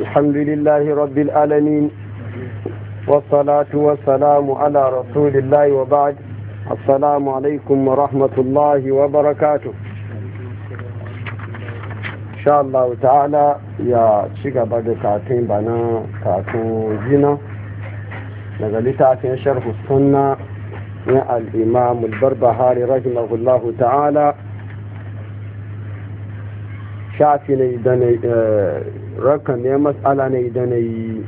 الحمد لله رب العالمين والصلاة والسلام على رسول الله وبعد السلام عليكم ورحمة الله وبركاته إن شاء الله تعالى يا شيخ بعد كاتين بنا كاتون زنا نقل تاتين شرح السنة الإمام البربهاري رحمه الله تعالى shafi na ne eh, rakan ne matsala na idana yi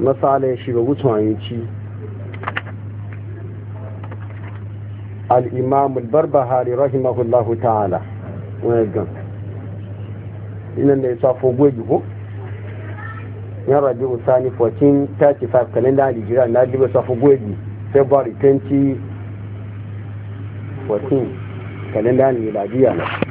matsala ya shiga wutuwanci al'imam albarbahari rahimahullahu ta'ala wani gan Ina da ya safo gwaji ko ya rabi usani 1435 kalenda alijira na liba safo gwaji february 2014 kalenda biya na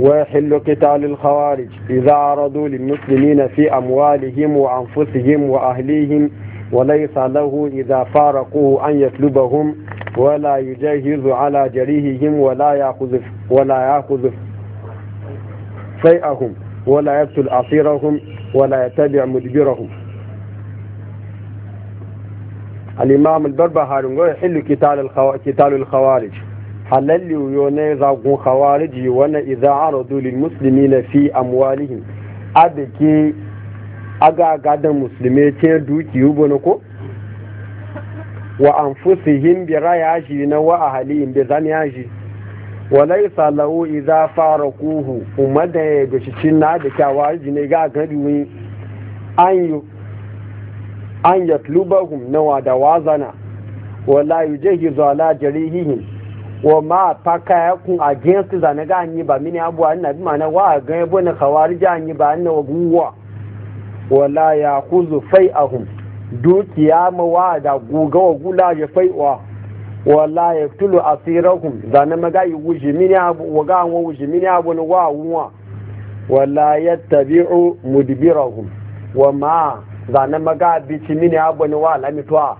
ويحل قتال الخوارج إذا عرضوا للمسلمين في أموالهم وأنفسهم وأهليهم وليس له إذا فارقوه أن يطلبهم ولا يجهز على جريههم ولا يأخذ ولا يأخذ شيئهم ولا يقتل أصيرهم ولا يتبع مدبرهم الإمام البربهاري يحل قتال الخوارج halalli yo ne zagun khawariji wani idza aradu lil muslimina fi amwalihim adake aga gadan musulmi ce dukiyu bane ko wa anfusihim bi rayaji na wa ahlihim bi zaniyashi wa laysa lahu idza farakuhu umada ya gashi na da kyawariji ne ga gari wani an yi an yatlubahum na wa da wazana wala yujahizu ala jarihihim wa ma paka ya kun against zane ga anyi ba mini abuwa na bi mana wa ga yabo na khawarija anyi ba na guwa wala ya khuzu fai'ahum dukiya ma wa da guga wa gula ya wa. wala ya tulu asirahum zane ma ga yi wuji mini abu wa ga wa wuji mini abu na wa wuwa wala yattabi'u mudibirahun wa ma zane ma ga bi mini abu na wa lamitwa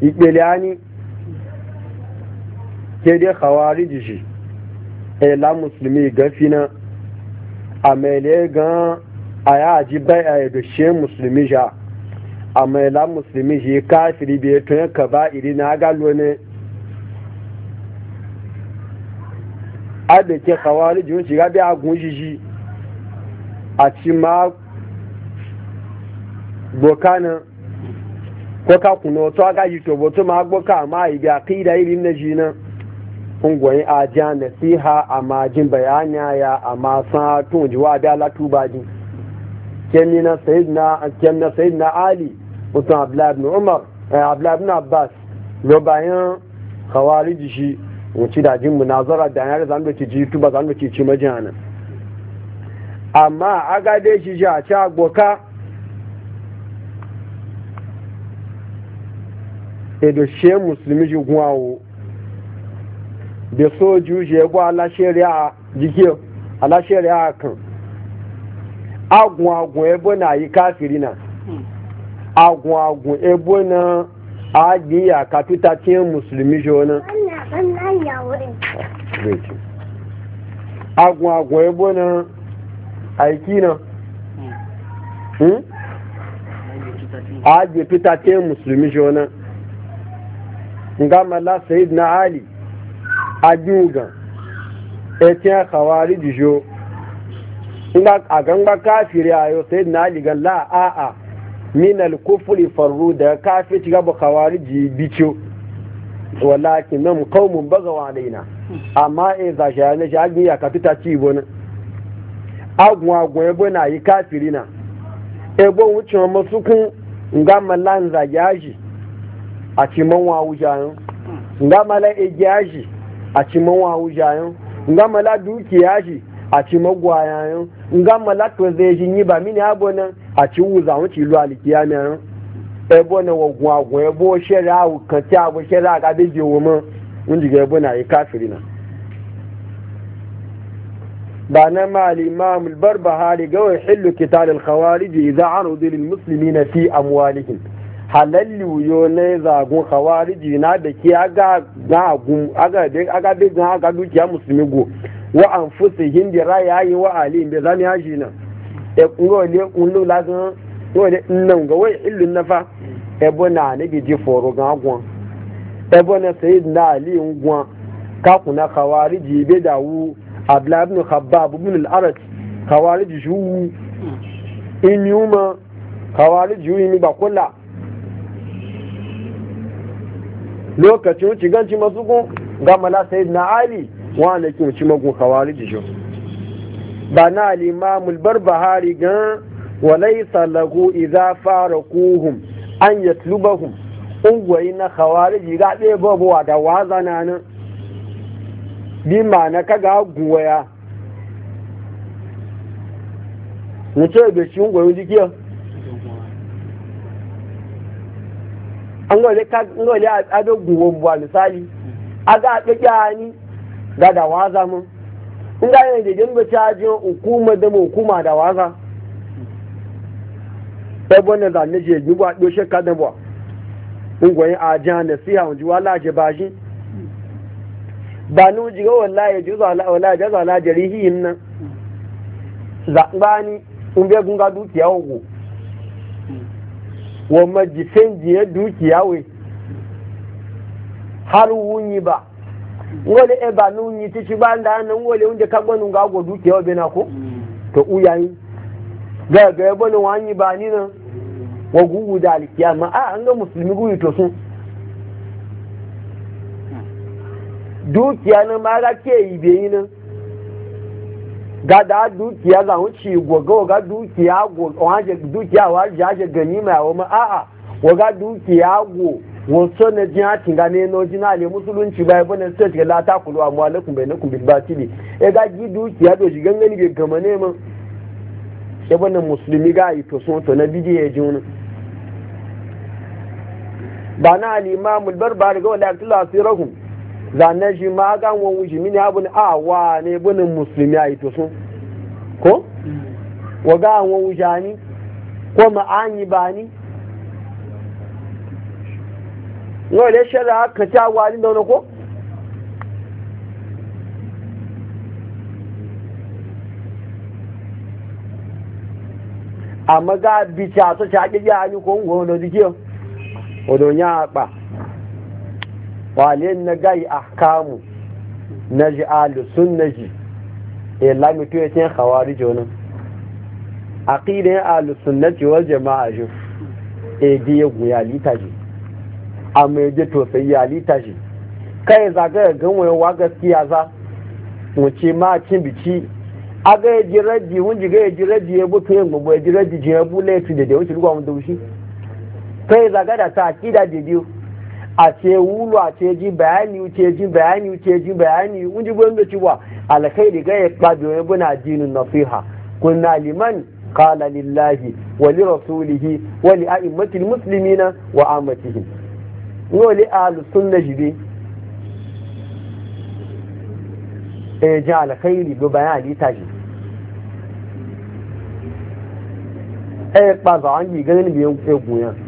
ìpele á ní kéde kàwárí jìṣì ẹ̀là mùsùlùmí gẹ́fínà àmẹ́lẹ́ gan àyà àjíbẹ́ ẹ̀dọ̀ṣẹ́ mùsùlùmí ṣá àmẹ́lá mùsùlùmí ṣe káàkiri bí ètò ẹ̀ kàbá ìrìnà ágálò ní àbẹ̀kẹ́ kàwárí jìṣì gábẹ́ agùn jìṣì àti máa gbọ̀kánà ko ka kuno to aka yi to wato ma gbo ka ma bi aqida irin na jina ungwayin aja nasiha a jin bayanya ya a sa tun jiwa da latu baji kemi na sayyidina kemi na sayyidina ali mutum abdullahi ibn umar eh, abdullahi ibn abbas lo bayan khawarij shi wuci da jin munazara da yana zan da ci ji tuba zan da ci ci majana amma aga dai shi ja ta agboka edo she musulmi ji gwawo da soju je gwa alashari'a jikiyar alashari'a kan agwagwa ebo na yi kafiri na Agun agun ebo na agiya tuta tiyan musulmi na. Agun agun ebo na aiki na hmm? agbe tuta tiyan musulmi na. nga mala sayid na ali ajuga etin khawari dijo nga aganga kafiri ayo sayid na ali gan la a a min al kufri farru da kafiri ga khawari ji bicho walakin nam qaumun bagaw alaina amma e za shi ne ya kafita ci bona agun agun ebo na yi kafiri na ebo wucin masukun nga mala nzaji a ci man wa nga mala egiyashi a ci man wa nga mala dukiyashi a ci gwayayen nga mala to zai yi ba mini abona a ci wuza mu ci luwa likiyamiyan ebo na wagun agun ebo shere awu kan ti abu shere aga beje wo mo mun jiga ebo na yi kafiri na ba na ma al-imam al-barbahari ga wa hillu qital al-khawarij idza aradu lil muslimina fi amwalihim halalli wuyo ne zagun khawariji na da ke aga gagun aga de aga de gan aga dukiya musulmi go wa an anfusihim bi yi wa ali alim bi zani haji na e kungo le kunlo la gan ne le nan ga wai illu nafa e bona ne bi ji foro gan agun e na bona na ali ngwan ka kuna khawariji be dawu abla ibn khabbab ibn al-arat khawariji ju inyuma khawariji yu ni bakola lokacin wuce ganci masu gun ga malasai sai na ali wanda ke wuce magun kawari shi ba na limamul barbahari gan walaisa lahu idza kuhun an yatlubahum ungwayi na khawariji ga ɗaya babuwa da na nan bi ma na kaga guwaya mutu da shi ungwayi jikiyar ngole abe guwo mbuwa misali aga abe kyani ga da waza mun in ga yana jejin ba cajin hukuma da mu hukuma da waza ɗan e wannan zane je yi wa ɗoshe kaɗan ba in gwayin a jiha na siya wunji wa laje ba shi ba ni wunji ga wallaye jaza laje rihiyin nan zaɓani in bai gunga dukiya wuku wa majisan jiya dukiya we har wunyi ba wale e ba nunyi ti ci ba nda nan wale unje ka ga go dukiya we na ko to uyayi ga ga yabo ne wanyi ba ni nan wa gugu da ma a an ga musulmi gugu to sun dukiya na ma ga ke yi be yi nan gada dukiya za wuce goga waga dukiya go waje dukiya waje ya gani mai wa a'a waga dukiya go wasu na jin hatin ga ne no jina le musulunci bai bane sai ga lata kulu amma alaikum bainakum bil batili e ga gi dukiya do shi gangani be gama ne mun ya bane musulmi ga yi to sun to na bidiye jin ba na al-imam al-barbari ga wala tilasi rahum zane shi ma ga wọn wuce mini abu ne awa ah, ne bunin musulmi a ito sun ko wa ga wọn wuce ni ko ma an ba ni yau da shara ka ta wani da wani ko amma ga bica su ta ƙi ya ni ko wani da dikiyar wadon ya ba wale na gai ahkamu na ji alu sun na ji e eh, lamito ya ce hawari jonan aqidan alu sunnati wal jama'a eh, ji e di ya lita ji a ya ji to sai ya litaji kai zaga wani wa gaskiya za mu ce ma cin bici ga ya ji raji wun ji ga ya ji raji ya butu yin gbogbo ya ji raji ji ya bule ya tudede wun mun lugwa wun daushi kai zaga da ta kida da biyu a ce wulu a ce ji bayani wuce ji bayani wuce ji bayani mun ji gwamnati cewa alkhairi ga ya kado ya buna dinin nasiha kunna liman qala lillahi wa li rasulihi wa li a'immatil muslimina wa amatihim wa li ahli sunnah jibi e eh, ja alkhairi go bayani ta ji e eh, pa ba an yi ganin biyan egun yan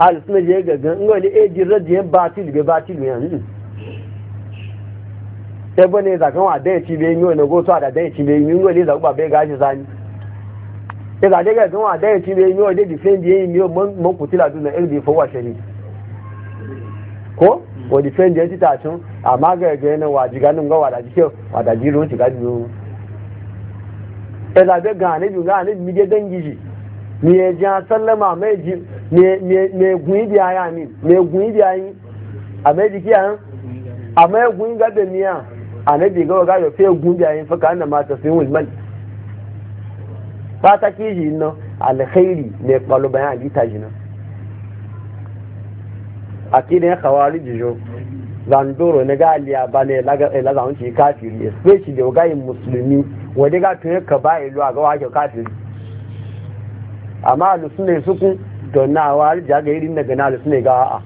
al suna je gagan ngo ne e jin batil be batil ya e ni sai bane za kan e e wa da ci be yi wani go da da ci bai yi ngo ne za ba be gashi sani sai ga daga kan wa da ci bai yi wani da defend yi mi mo kutila duna irbi fo wa shari ko wa defend yi ta tun amma ga ga ne wa jiganin ga wa jike wa jiro ci ga dinu sai ga ne ju ga ne mi de dangi ji ni ya ji sallama mai ji me gun ibi aya mi me gun ibi ayin àmọ́ ibi kí ayin àmọ́ egun gábẹ̀ mi à ànábì gọ́wọ́ gáyọ̀ fẹ́ gun ibi ayin fọ́kà ánà máa tọ̀sí wọn ìmọ̀lẹ̀ pátákì yìí ná alẹ́kẹ́rì ní ìpalọ́bà yẹn àlítà yìí ná àkíní ẹ̀ kàwárí jùjọ zandoro na gali a bane elaza e wuce kafiri especially da ogayin musulmi wadda ga tuni e ka ba ilu e a gawa ke kafiri amma alusunan sukun don na wa daga na ne ga a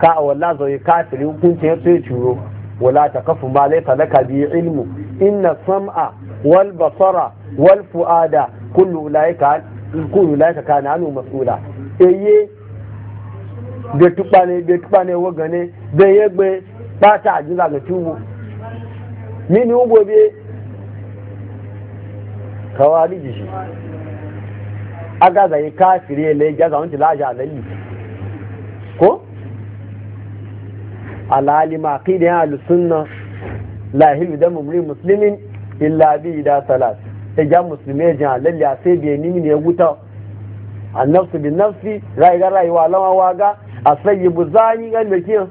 ka a walla zai kafiri hukunci ya sai curo wala ta kafu ma laysa zaka bi ilmu inna sam'a wal basara wal fuada kullu ulaika kullu ulaika kana anu mas'ula eye de tupane de tupane wo gane de yegbe pata ajula ga tubu mini ubo bi kawali jishi agaza yi kafire ne gaza wanci laja zai ko alalima aqida ya al-sunna la hilu da mumri muslimin illa bi da salat ta ja musulmi jan a sai bi ni ne wuta annafsu bin nafsi rai ga rayuwa lawa waga asayibu zani ga mekin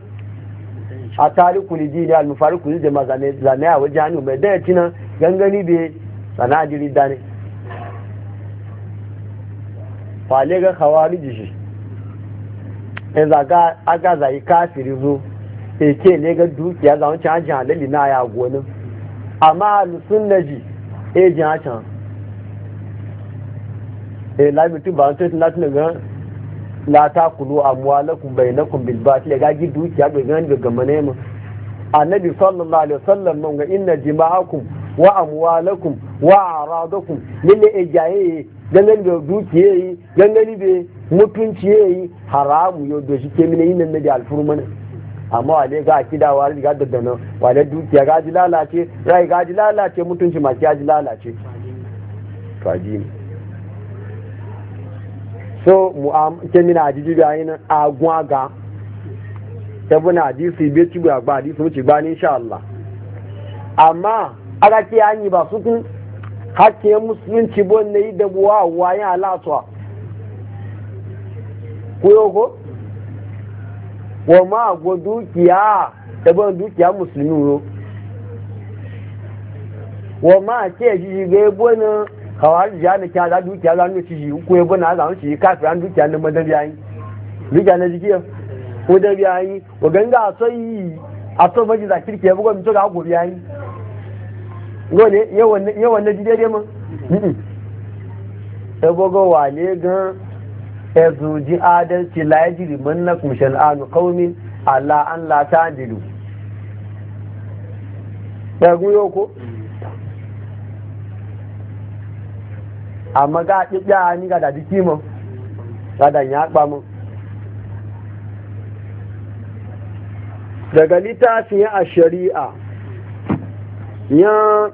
a tariku ni dini al-mufariku ni jama zane zane a wajen hannu mai daya cinan gangani be sanadiri dane wale ga khawariji shi in zaga aga zai kafiri zo e ne ga dukiya za wancan ajin halali na ya gonin amma alusun na ji e jin acan e lamitu ba wancan latin ga la ta kulu amwalakum bainakum bil batil ga gi dukiya ga gani ga gamane mu annabi sallallahu alaihi wasallam mun ga inna jima'akum wa amwalakum wa aradakum lille e jaye da dukiye yi da be mutunci haramu yo do shi ke mine inna nabi alfurman amma wale ga akida wa ga daddana wale dukiya ga ji lalace rai ga ji lalace mutunci ma ki ji lalace to so mu'am kemina ajiji ga yin agwa ebe na hadisi bai ci ba hadisi wuce ba amma aka ce an yi ba musulunci bon na yi dabuwa wayan alatuwa ko wa ma go dukiya ebe dukiya musulmi ro wa ma ce jiji ga ebo na kawar jiya na kya za dukiya za na za nuna dukiya na madariya dukiya na jikiya ko da biyayi wa ganga sai a to baji za kirki ya bugo mutu ga go biyayi gole yawan yawan da dide mu sai bugo wale gan ezuji adalci la yajri mannakum shan'anu qaumin ala an la ta'dilu ya guyo ko amma ga ɗiɗɗa ni ga da dikimo ga da ya mu daga littafin a shari'a ya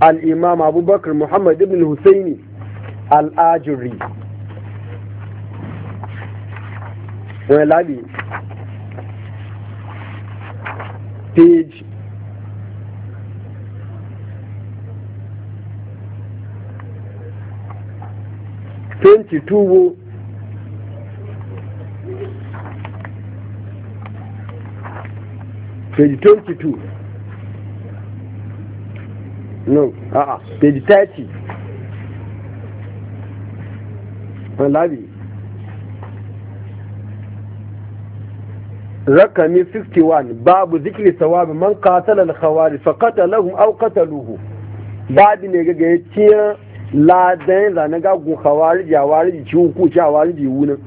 al'imam abubakar muhammad ibn husaini al'ajiri wani labi page 22 page 22 no a'a ah, ah, page 30 labi rakami 51, babu zikiri sawabi man katala al-khawari fa qatalahum aw qataluhu babu ne ga ga yace ladan zanen gagun khawari jawari ci hukunci jawari wunan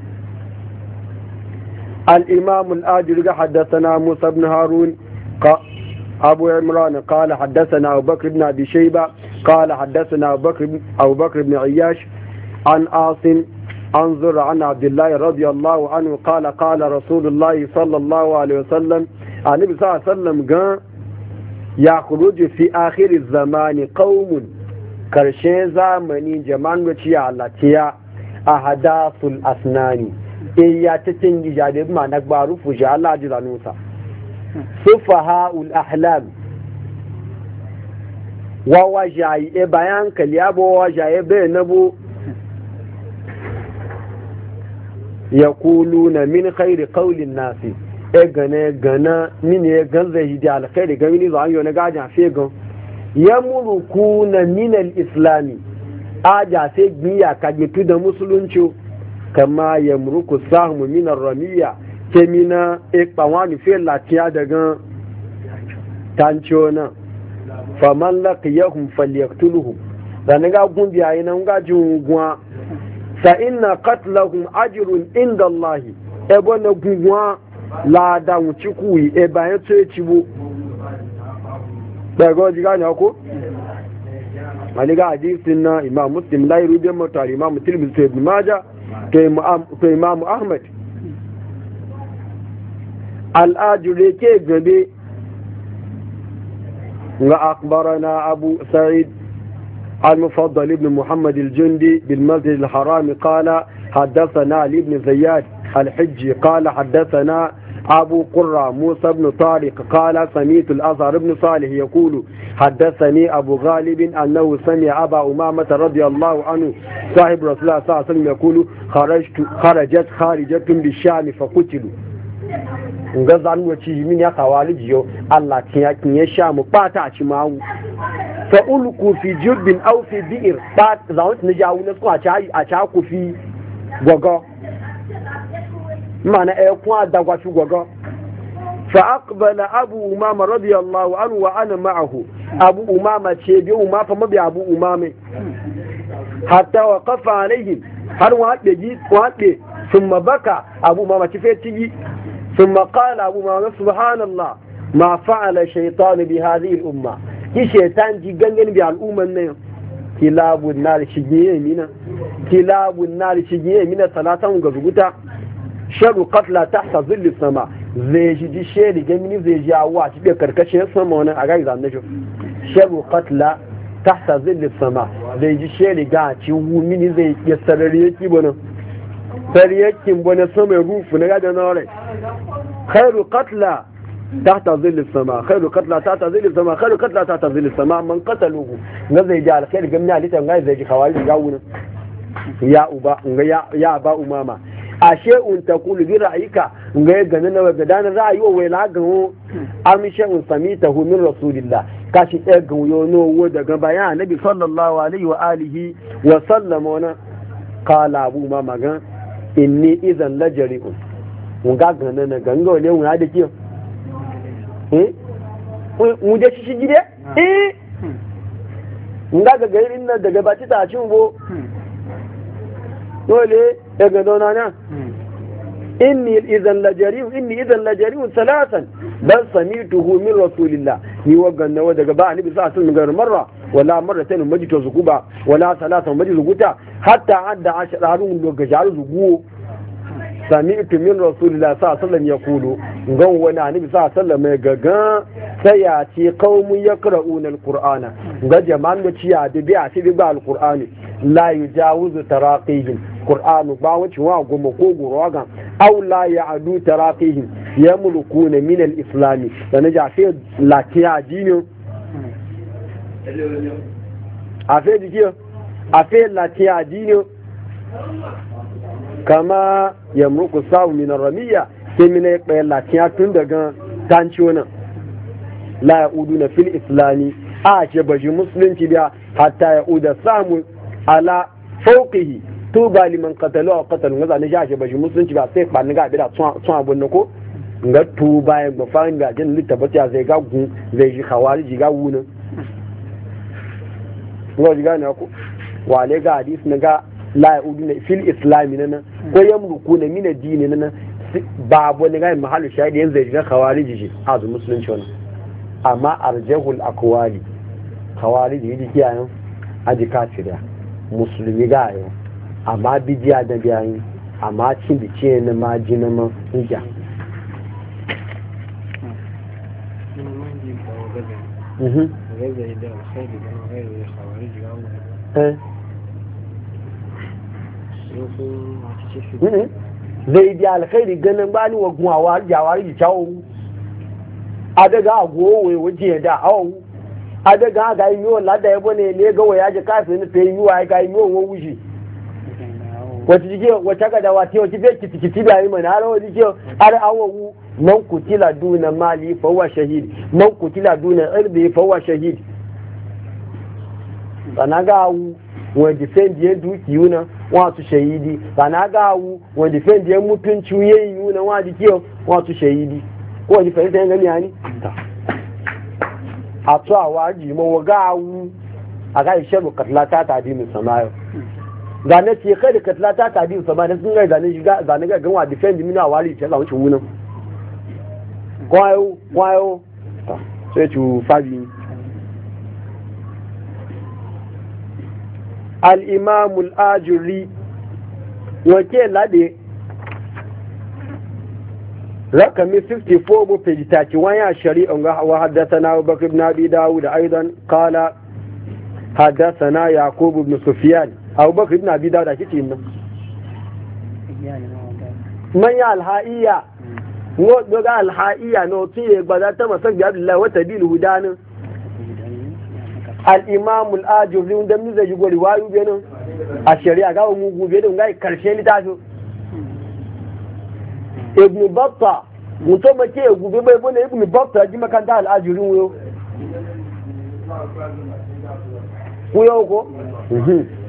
الإمام الآجر حدثنا موسى بن هارون أبو عمران قال حدثنا أبو بكر بن أبي شيبة قال حدثنا أبو بكر, أبو بكر بن عياش عن عاصم أنظر عن عبد الله رضي الله عنه قال قال رسول الله صلى الله عليه وسلم النبي صلى الله عليه وسلم قال يخرج في آخر الزمان قوم كرشين زمني جمان وشي على تيا أحداث الأسنان e ya ta canji jade ma na gbaru fushi Allah ji zanusa sufaha ul ahlam wa wa jayi e bayan kali abo wa jayi be na bu yaquluna min khairi qawlin nasi e gane gana min e ganza hidi khairi ga mini zan yo na gaja fe gan na min al-islami aja se biya ka tu da musulunci kama yamruku sahmu min ramiya mina Ikpa, wani lati adagan tancho na faman laqiyahum falyaktuluhum dan ga gun biyaye nan ga jin gwa sa inna qatlahum Ajiru, inda Allahi e na gunwa la da wuci ku e bayan to ci bu daga jiga ne ko maliga hadisin na imam muslim la yuridi mutari imam tirmidhi ibn majah to imamu ahmad al'ajure ke gabe ga akbarana abu sa'id المفضل ابن محمد الجندي بالمسجد الحرام قال حدثنا علي بن زياد الحجي قال حدثنا أبو قرة موسى بن طارق قال سميت الأزهر بن صالح يقول حدثني أبو غالب أنه سمع أبا أمامة رضي الله عنه صاحب رسول الله صلى الله عليه وسلم يقول خرجت خرجت خارجة بالشام فقتلوا nga zanuwa ci min ya kawaliji yau Allah kin ya kin ya sha mu bata a ci mawu fa ulku fi jubbin aw fi bi'r ba zawun ne jawu ne su a ci a ci ku fi gogo mana ɗaya ko kuma a da wasu fa a bani abu u ma ma rabi ya lau al- abu u ma ma ce bi u ma bi abu u ma me ha ta hankafanahi hali u ha ɓe sun abu ma ma shi fesiji sun qala abu ma ma ma halala ma a faɗi umma ki shayatan na ji gangan biye al'ummar ne kilabun nal shigin ya yi min salatan ga bugu ta. sharu katla ta sa zilli sama zai ji ji sheri gamini zai ji awa a cikin karkashin sama wani a gari izan na sharu katla ta sa zilli sama zai ji sheri ga a ci mini zai ya sarari yaki bana sarari sama rufu na gada nore khairu katla ashe un ta kulu bi ra'ayika ga gani na ga dan ra'ayi wa wai la gawo amishe un samita hu min rasulillah kashi ɗaya ga yono wo daga bayan annabi sallallahu alaihi wa alihi wa sallama wana qala abu ma magan inni idan lajari un ga gani na ganga wale un hada kiyo eh mu je shi gide eh un hmm. ga ga nan daga ba ta cin go dole daga zauna na hmm. inni idan lajarim inni idan lajarim salatan bal samituhu min rasulillah ni wagan nawa daga ba annabi sa sun gar marra wala marratan majito zuguba wala salatan majito zuguta hatta hadda daga lokajar zuguwo sami'tu min rasulillah sa sallam ya kudu. gan wani annabi sa sallam ya gaga sai ya ce qaumun yaqra'una alqur'ana ga jama'an da ciya da biya sai bi ba alqur'ani la yujawizu taraqihim qur'anu ba wacce wa goma ko goro ga aw la ya'du tarafihim yamlukuna min al islami da na jafe latiya dinin afe a afe latiya dinin kama muluku sawu min ramiya sai mina ya kpaya latiya tun daga tanciyo nan la udu na fil islami a ce bashi musulunci biya hatta ya uda samu ala fauƙihi to ba liman katalo a katalo ngaza zane jashe ba musulunci ba sai ba ga bi tun abin na ko nga to ba ya ba fa ga jin litabata zai ga gun zai ji ga wuna ngo ji ga ne ko wa ga hadis na ga udu na fil islami nan ko ruku na mina dini nan babu ni ga mahallu shaidi yanzu zai ji kawari ji a zu musulunci wannan amma arjahul akwali khawariji ji kiyayen aji kafiriya musulmi ga yau amma bidiya da biyayi amma cin bici na ma ji na ma hujja zai bi alkhairi ganin bani wa gumawa jawari jawo adaga agowo ji da awu adaga ga yi yiwu lada ya bane ne ga waya ji kafin fe yiwu ya aga yi yiwu wuji wata jike wata ga dawa ta wata bai kiti kiti da yi mana har wani jike har awawu man kutila duna mali fawa shahid man kutila duna irbi fawa shahid bana ga awu wani defendi ya dukiyu na wasu shahidi bana ga awu wani defendi ya mutunci ya yi na wani jike wasu shahidi ko wani fahimta ya gani yani a tsawa ji mawa ga awu a ga ishe bukatlata ta bi musamman zane ce kai da katla ta ta biyu sama da sun gai zane shiga zane ga ganwa defend mini a wari ta zawo cewunan kwayo kwayo sai cu fabi al'imamu al'ajuri wake lade rakami 54 bu fiji ta ci shari'un ga hawa haddasa na abubakar nabi dawo da aizan kala haddasa na yakubu bin sufiyani abubakar ibn abi dauda shi tin manya alha'iya ngo doga alha'iya no tun ye gbada ta masak bi abdullahi wa tabil hudanin al-imam al-ajuri wanda mun zai gori wayu benin a shari'a ga mu gobe da ngai karshe litafi ibn batta mutum ma ke gobe bai bane ibn batta ji makanta al-ajuri wuyo wuyo ko mhm.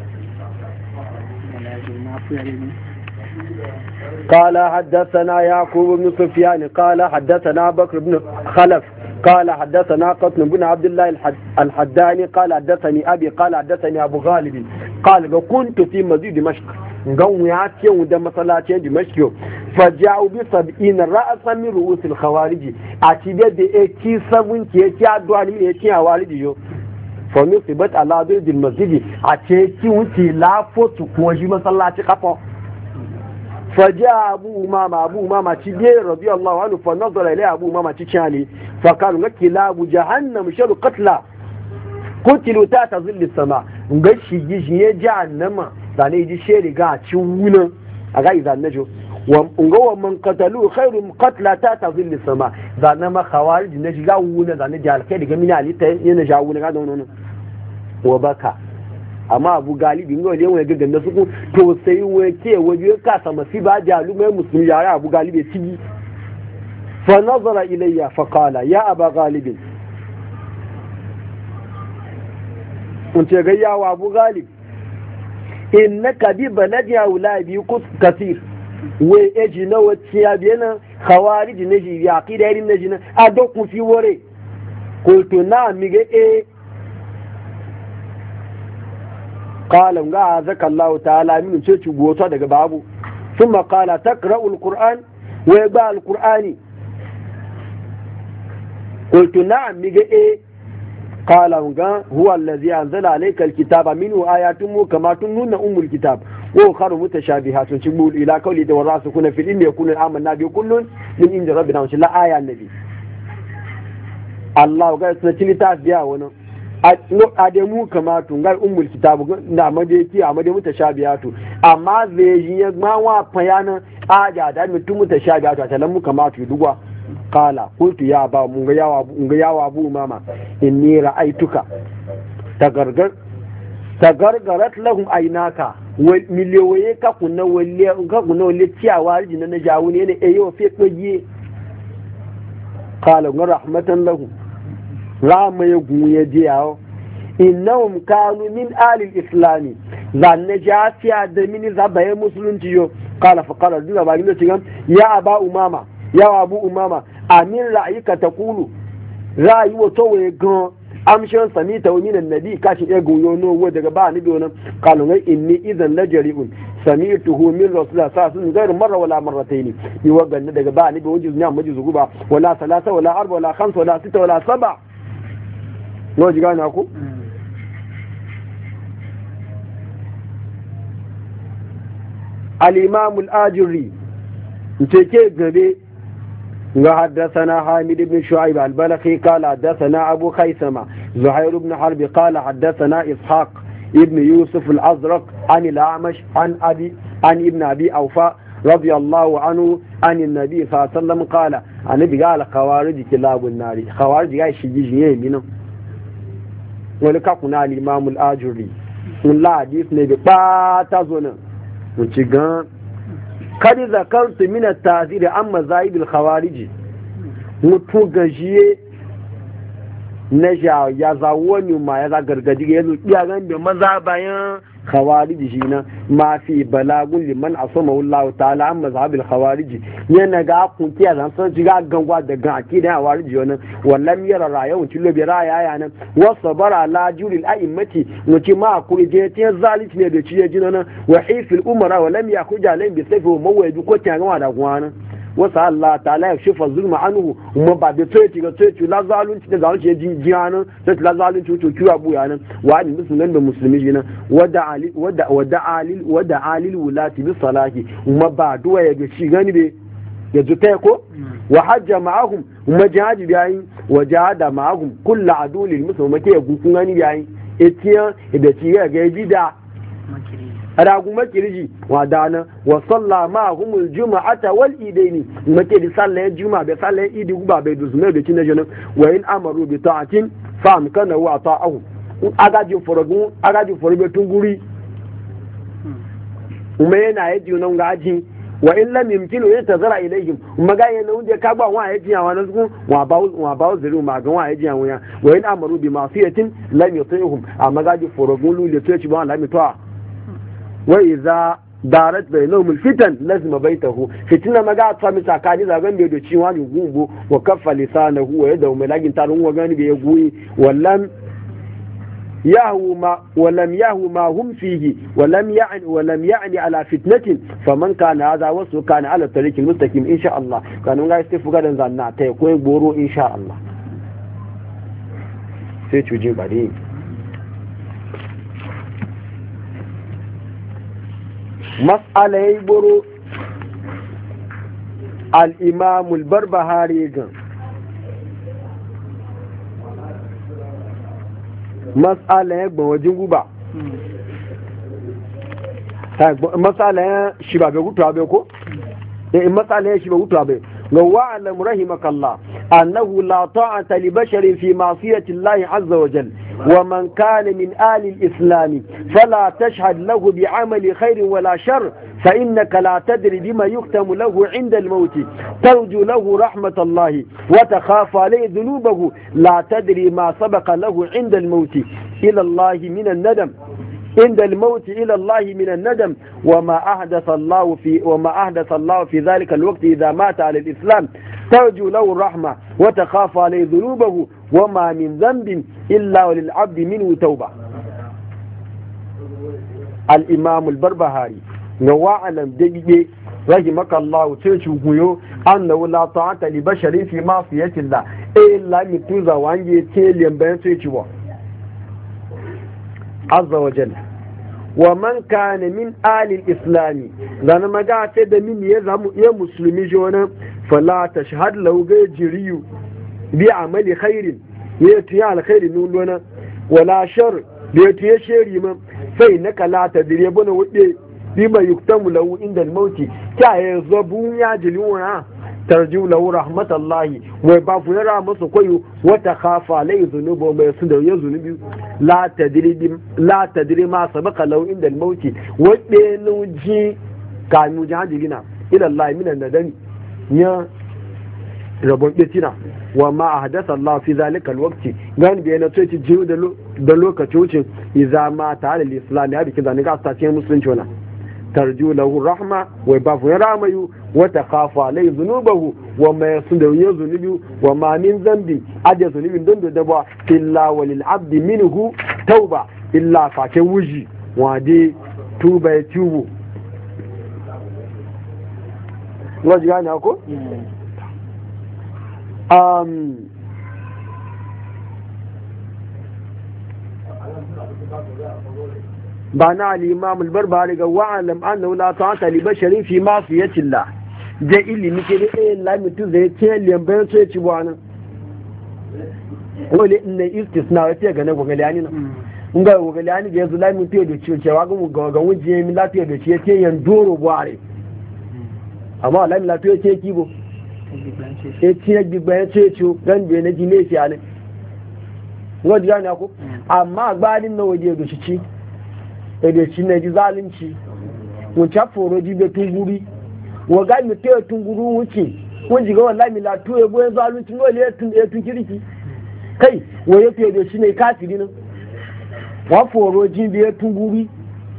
قال حدثنا يعقوب بن سفيان قال حدثنا بكر بن خلف قال حدثنا قطن بن عبد الله الحداني قال حدثني أبي قال حدثني أبو غالب قال كنت في مسجد دمشق قوم يعطيهم ده مسلاتين دمشق فجاءوا بسبعين رأسا من رؤوس الخوارج أتبع بأتي سبعين كي أتي أدواني من أتي يو fomi sí bat ala zai masjidi a ce ki wuce lafo su kuma shi masallaci kafa faja abu umama abu umama ci biye rabi Allah wani fa nazara ilai abu umama ti kí ali fa kanu ga kilabu jahannam ta shi zane ji ga ci wuna a ga izan wa ta ta ma wuna zane da wuna wa baka amma abu galibi ne wajen wani gaggan da suku to sai wake waje ka sama si ba jalu mai musulmi yare abu galibi cigi fa nazara ilayya fa qala ya aba galibi in ce gayya wa abu galibi innaka bi baladi aula bi kus katir we eji na wace ya biya na khawarij na ji ya da irin na ji na a dokun fi wore kultu na mi eh qala nga zaka Allah ta'ala min ce ci goto daga babu thumma qala taqra'ul qur'an wa yaba al qur'ani qultu na'am miga e qala nga huwa allazi anzala alayka al kitaba minhu ayatun mukamatun nunna umul kitab wa kharu mutashabihatun shibul ila qawli da warasu kuna fil ilmi yakunu amanna bi kullun min inda rabbina wa la aya nabi Allah ga sunci litafiya wannan A da mu kama tungar umul kitabu na amade ki amade mutashabiyatu amma zai yi ma wa fayana ga da biya mutashabiyatu a talan mu kama tu dugwa kala qultu ya ba mun ga yawa mun ga yawa bu mama inni ra'aituka tagargar tagargarat lahum aynaka miliyoye ka kunna walle ka kunna walle ciyawa rijin na jawu ne ne eyo eh, fe kwaye qala rahmatan lahum za mu ya gunye jiyawo innahum kanu min alil islami zanne jafiya da mini zabaye musulunci yo kala fa kala duka ba gina cikin ya aba umama ya abu umama amin ra'ayika ta kulu ra'ayi wato waye gan amshin sami ta wani nan nabi kashi ya e goyo no wa daga ba ni donan kalunai inni idan na jari'un sami'tuhu min rasulullah sa sun gairu marra wala marrataini yi wa ganna daga ba ni ba wajin zuwa majin zuguba wala salasa wala arba wala khamsa wala sita wala saba noji gana ku الإمام الآجري تكذب وحدثنا حامد بن شعيب البلخي قال حدثنا أبو خيسمة زهير بن حرب قال حدثنا إسحاق ابن يوسف الأزرق عن الأعمش عن, أبي عن ابن أبي أوفاء رضي الله عنه عن النبي صلى الله عليه وسلم قال النبي قال خوارج كلاب النار خوارج قال شجيج يهي منه wani na alimamul ajuri in hadis ne bi ɓata nan mun ci gan zakar su mina taziri an bil khawariji mutu gajiye na ya wani ma ya za ga yanzu iya gan da maza bayan khawarij shi na ma fi balagun liman asama wallahu ta'ala an mazhabil khawarij yana ga kun kiya zan san shiga gangwa da ga akidan khawarij yana wallam yara rayu ci lobe raya yana wa sabara la juril a'immati wuci ma kuri je te zalit ne da ciye jinana wa hifil umara wallam yakuja lan bi sayfi wa mawaidu ko da kuma wasu Allah ta la ya shifar zulma anhu kuma ba da tsoye ci ga tsoye ci la zalunci da zalunci ji jiya nan sai la zalunci to kiwa buya nan wa ni musulman da musulmi ji nan wada ali wada wada ali wada ali wulati bi salahi kuma ba duwa ya ga shi gani be ya zuta ko wa hajja ma'ahum kuma jihadi bayin wa jihada ma'ahum kullu adulil musulmi ke gukun gani bayin etiya e da ci ya ga bida ragu makirji wa dana wa salla ma humul juma'ata wal idaini make di sallan juma be sallan idi guba be duzume be kinje nan wa in amaru bi ta'atin fa amkana wa ta'ahu agaji forogun agaji forobe tunguri ume na yaji nan gaji wa in lam yumkinu yatazara ilayhim maga yana unje ka gba wa wa wa ba wa ba zuru ma ga wa yaji wa wa in amaru bi ma'siyatin lam yutihum amaga ji forogun lu le ba lam Wai iza darat bai lomul fitan lazima bai tahu fitina maga ta mi sakani zagan bai doci wani gungu wa kaffa lisanahu wa yadda mai lagin tarun wa gani bai guyi wallan yahu ma walam yahu ma hum fihi walam ya'ni walam ya'ni ala fitnatin faman kana hadha wasu kana ala tariqil mustaqim insha Allah kanu ga istifu gadan zanna ta goro insha Allah sai cuje bare mas'ala ya yi buru al'imamul barbahari gan mas'ala ya gban wajen guba mas'ala ya shi ba bai gutu abe ko? Eh, mas'ala ya shi ba gutu abe ga alamurahi makalla annahu la ta'ata li basharin fi ma'siyati Allah azza wa jalla ومن كان من آل الإسلام فلا تشهد له بعمل خير ولا شر فإنك لا تدري بما يختم له عند الموت ترجو له رحمة الله وتخاف عليه ذنوبه لا تدري ما سبق له عند الموت إلى الله من الندم عند الموت إلى الله من الندم وما أحدث الله في وما أحدث الله في ذلك الوقت إذا مات على الإسلام ترجو له الرحمة وتخاف عليه ذنوبه وما من ذنب إلا وللعبد منه توبة الإمام البربهاري وعلم دقيقة رحمك الله تشوفه أنه لا طاعة لبشر في معصية الله إلا متوزا وانجي تيليم بين تشوفه عز وجل wa man kana min alil islami zana maga ta da min ya zamu ya musulmi jona fala tashhad lahu ga jiriyu bi amali khairin ya tiya alkhairin nun lona wala shar da tiya sai na kala ta direba na wuɗe bi mai yuktamu lahu inda almauti kya ya zabu ya tarjiu lahu rahmatallahi wai ba ku yara musu koyo wata khafa lai zunubo mai su da zunubi la tadribim la tadri ma sabaka lahu inda al-mauti wadde nuji ka mu jihadi gina ila Allah min an ya rabon bitina wa ma ahdasa Allah fi zalika al-waqti gan bi na tsoci jiyu da lokacin wucin idza ma ta al-islam ya bi kidan ga ta ce musulunci wannan tarju lahu rahma wa ba ya ramayu wa kafa lai zunubahu wa ma da ya zunubi wa ma min zambi aja dhunubin don da daba illa walil abdi minhu tauba illa fake wuji wade tuba ya tubu ko mm. um, ba na al-imam al-barbari an, wa'alam annahu la ta'ata li basharin fi la. da ilimi ke da eh la mutu zai ce lembayan sai ci bwana wale inna istisna ya ga na gogalani na nga gogalani da yanzu la mutu da ci cewa ga mu ga wuje mi la da ci yace yan doro bware amma la mi la to yace kibo e ci ya gbigba ya ce ci gan be na ji ne fi ale ngo diga na ko amma gbalin na waje da ci ede shi ne ji zalunci wuce foro ji be tunguri wa ga mi te tunguru wuce kun ji ga wallahi mi la e boye zalunci no le tun e tun kiriki kai wa yake ede shi ne kafiri nan wa foro ji be tunguri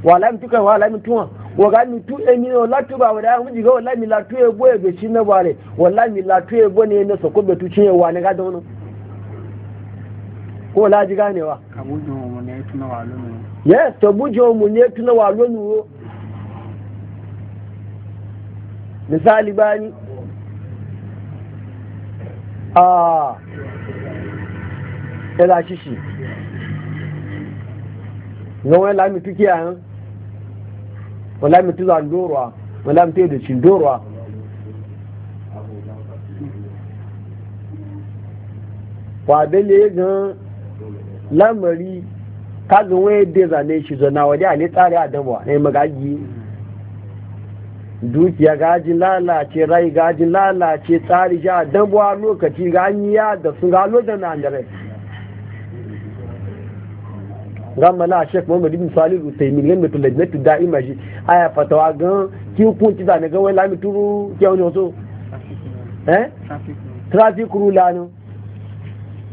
wa la mi tuka wa la mi tuwa wa ga mi tu e mi o la ba wa da mu ji ga wallahi mi la to e boye be shi ne bare wallahi mi latu to e boye ne so ko be tu cin wa ne ga dono ko laji ganewa yes to bujo mu ne tuna walo nuwo misali bani a ila shishi ga wani lami tuki a yan wala mi tuza ndorwa wala mi tuza shi ndorwa wa bele gan lamari kazin wani da zane shi zana waje a ne tsari adamu ne magagi dukiya gajin lalace rai gajin lalace tsari ja adamu a lokaci ganiya da sun gano da na andare rai gama na shek muhammad ibn salih usaimin yan mutu lajnatu da'ima shi aya fatawa gan ki hukunci da ne ga wani lamituru kyau ne wato eh traffic rule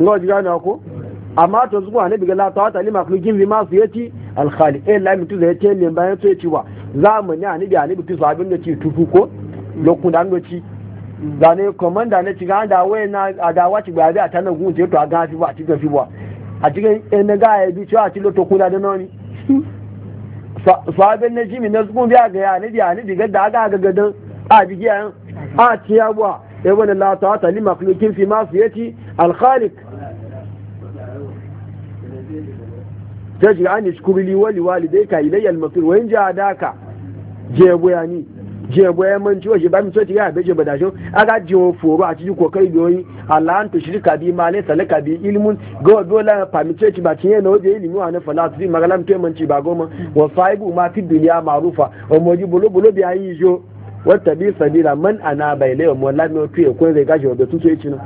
ngo ji gane ko amma to zuwa ne biga la ta ta lima kulgin bi masu yaci alkhali eh la ne bayan wa zamani ani bi ani da ci tufu ko lokun da ci zane komanda ne ci wai na adawa ci ba da gun to a ga fi ba ci ga ya bi ci kula da noni da ga ga gadan a a taji an ishkuru li wali walidayka ilayya al-masir wa in jahadaka je boyani je boyan man ciwo je ba mi so ti ya be je badasho aga je o foro ati ju kokari bi oyin ala an to shirika bi ma le salaka bi ilmun go do la permit ti ba tiyen no je ilmu an fa la ti magalam te man ci ba goma wa saibu ma fi dunya ma'rufa o moji bolo bolo bi ayi jo wata bi sabila man ana bai le o mo la mi o tu e ko re ga je be tun so e no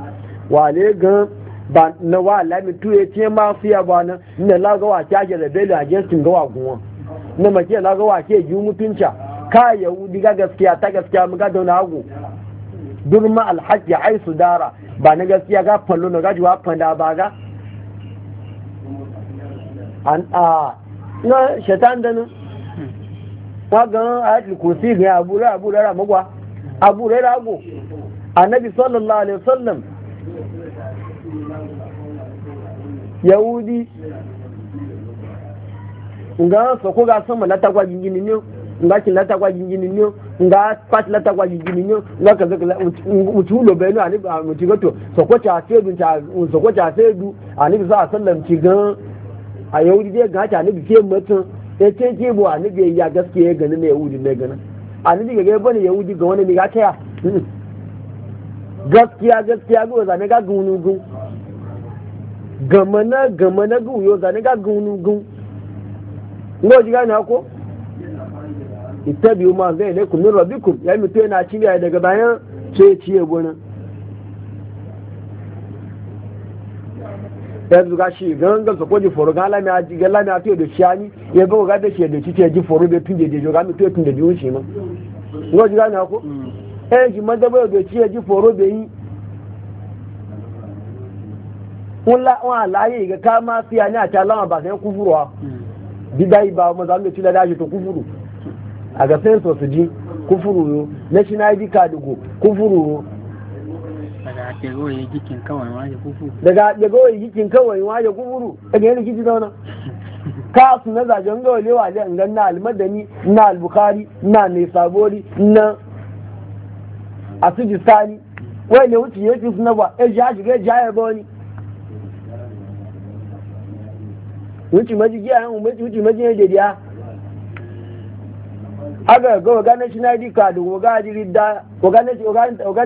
wa le gan ba na wa lami tuye ce ma fiya ba na na laga wa ta ga rebel against ga wa kuma na ma ke laga wa ke ju mutunca ka wudi ga gaskiya ta gaskiya mu ga dauna hagu durma alhaji ai su dara ba na gaskiya ga fallo na gaji wa fanda ba ga an a na shaitan da nan ta ga ayatul kursi ga abura abura magwa abura rago annabi sallallahu alaihi wasallam yahudi nga soko ga sama na tagwa jingini ne nga ki na tagwa jingini ne nga pat na tagwa jingini ne nga kaza kaza mutu lo bayanu ani mutu ah, gato soko ta fedu ta soko ta fedu ani bi sa sallam ki ga a yahudi dai ga ta ni bi fe mutun ya e ce ki bo ani bi ya gaskiya ganin ne yahudi ne ganin ani bi ga bane yahudi ga wani ne ga ta gaskiya gaskiya go zane ga gunu gunu gama na gama na gun yo zane ga gunu gun ngo ji na ko ittabi'u ma zai ne kun rabbikum ya mutu yana cibiya daga bayan sai ciye gona yanzu ga shi gan gan su kwaji foro gala mai aji gala mai atiyo da shani ya go ga de shi da cice ji foro da tun jeje ga mutu tun da biyu shi ma ngo ji na ko mm. eh ji madaba da ciye ji foro de yi wọn àlàyé ìgẹ́ ká máa fi àní àti alama bàtẹ́ ń kufuruwa. wa dídá ibà ọmọ zambia tí lẹ́dá ṣe tó kúfùrù àgà sẹ́ńsọ̀ sì di kúfùrù yo national id card kò kúfùrù yo. daga oyi jikin kawai waje kufuru. daga oyi jikin kawai waje daga yẹn rikici zauna. kasu na zagen gawa lewa na almadani na na na e shiga ya wuce maji giya yan umarci wuce maji yan jeriya aga ga waga national id card waga ajiri da waga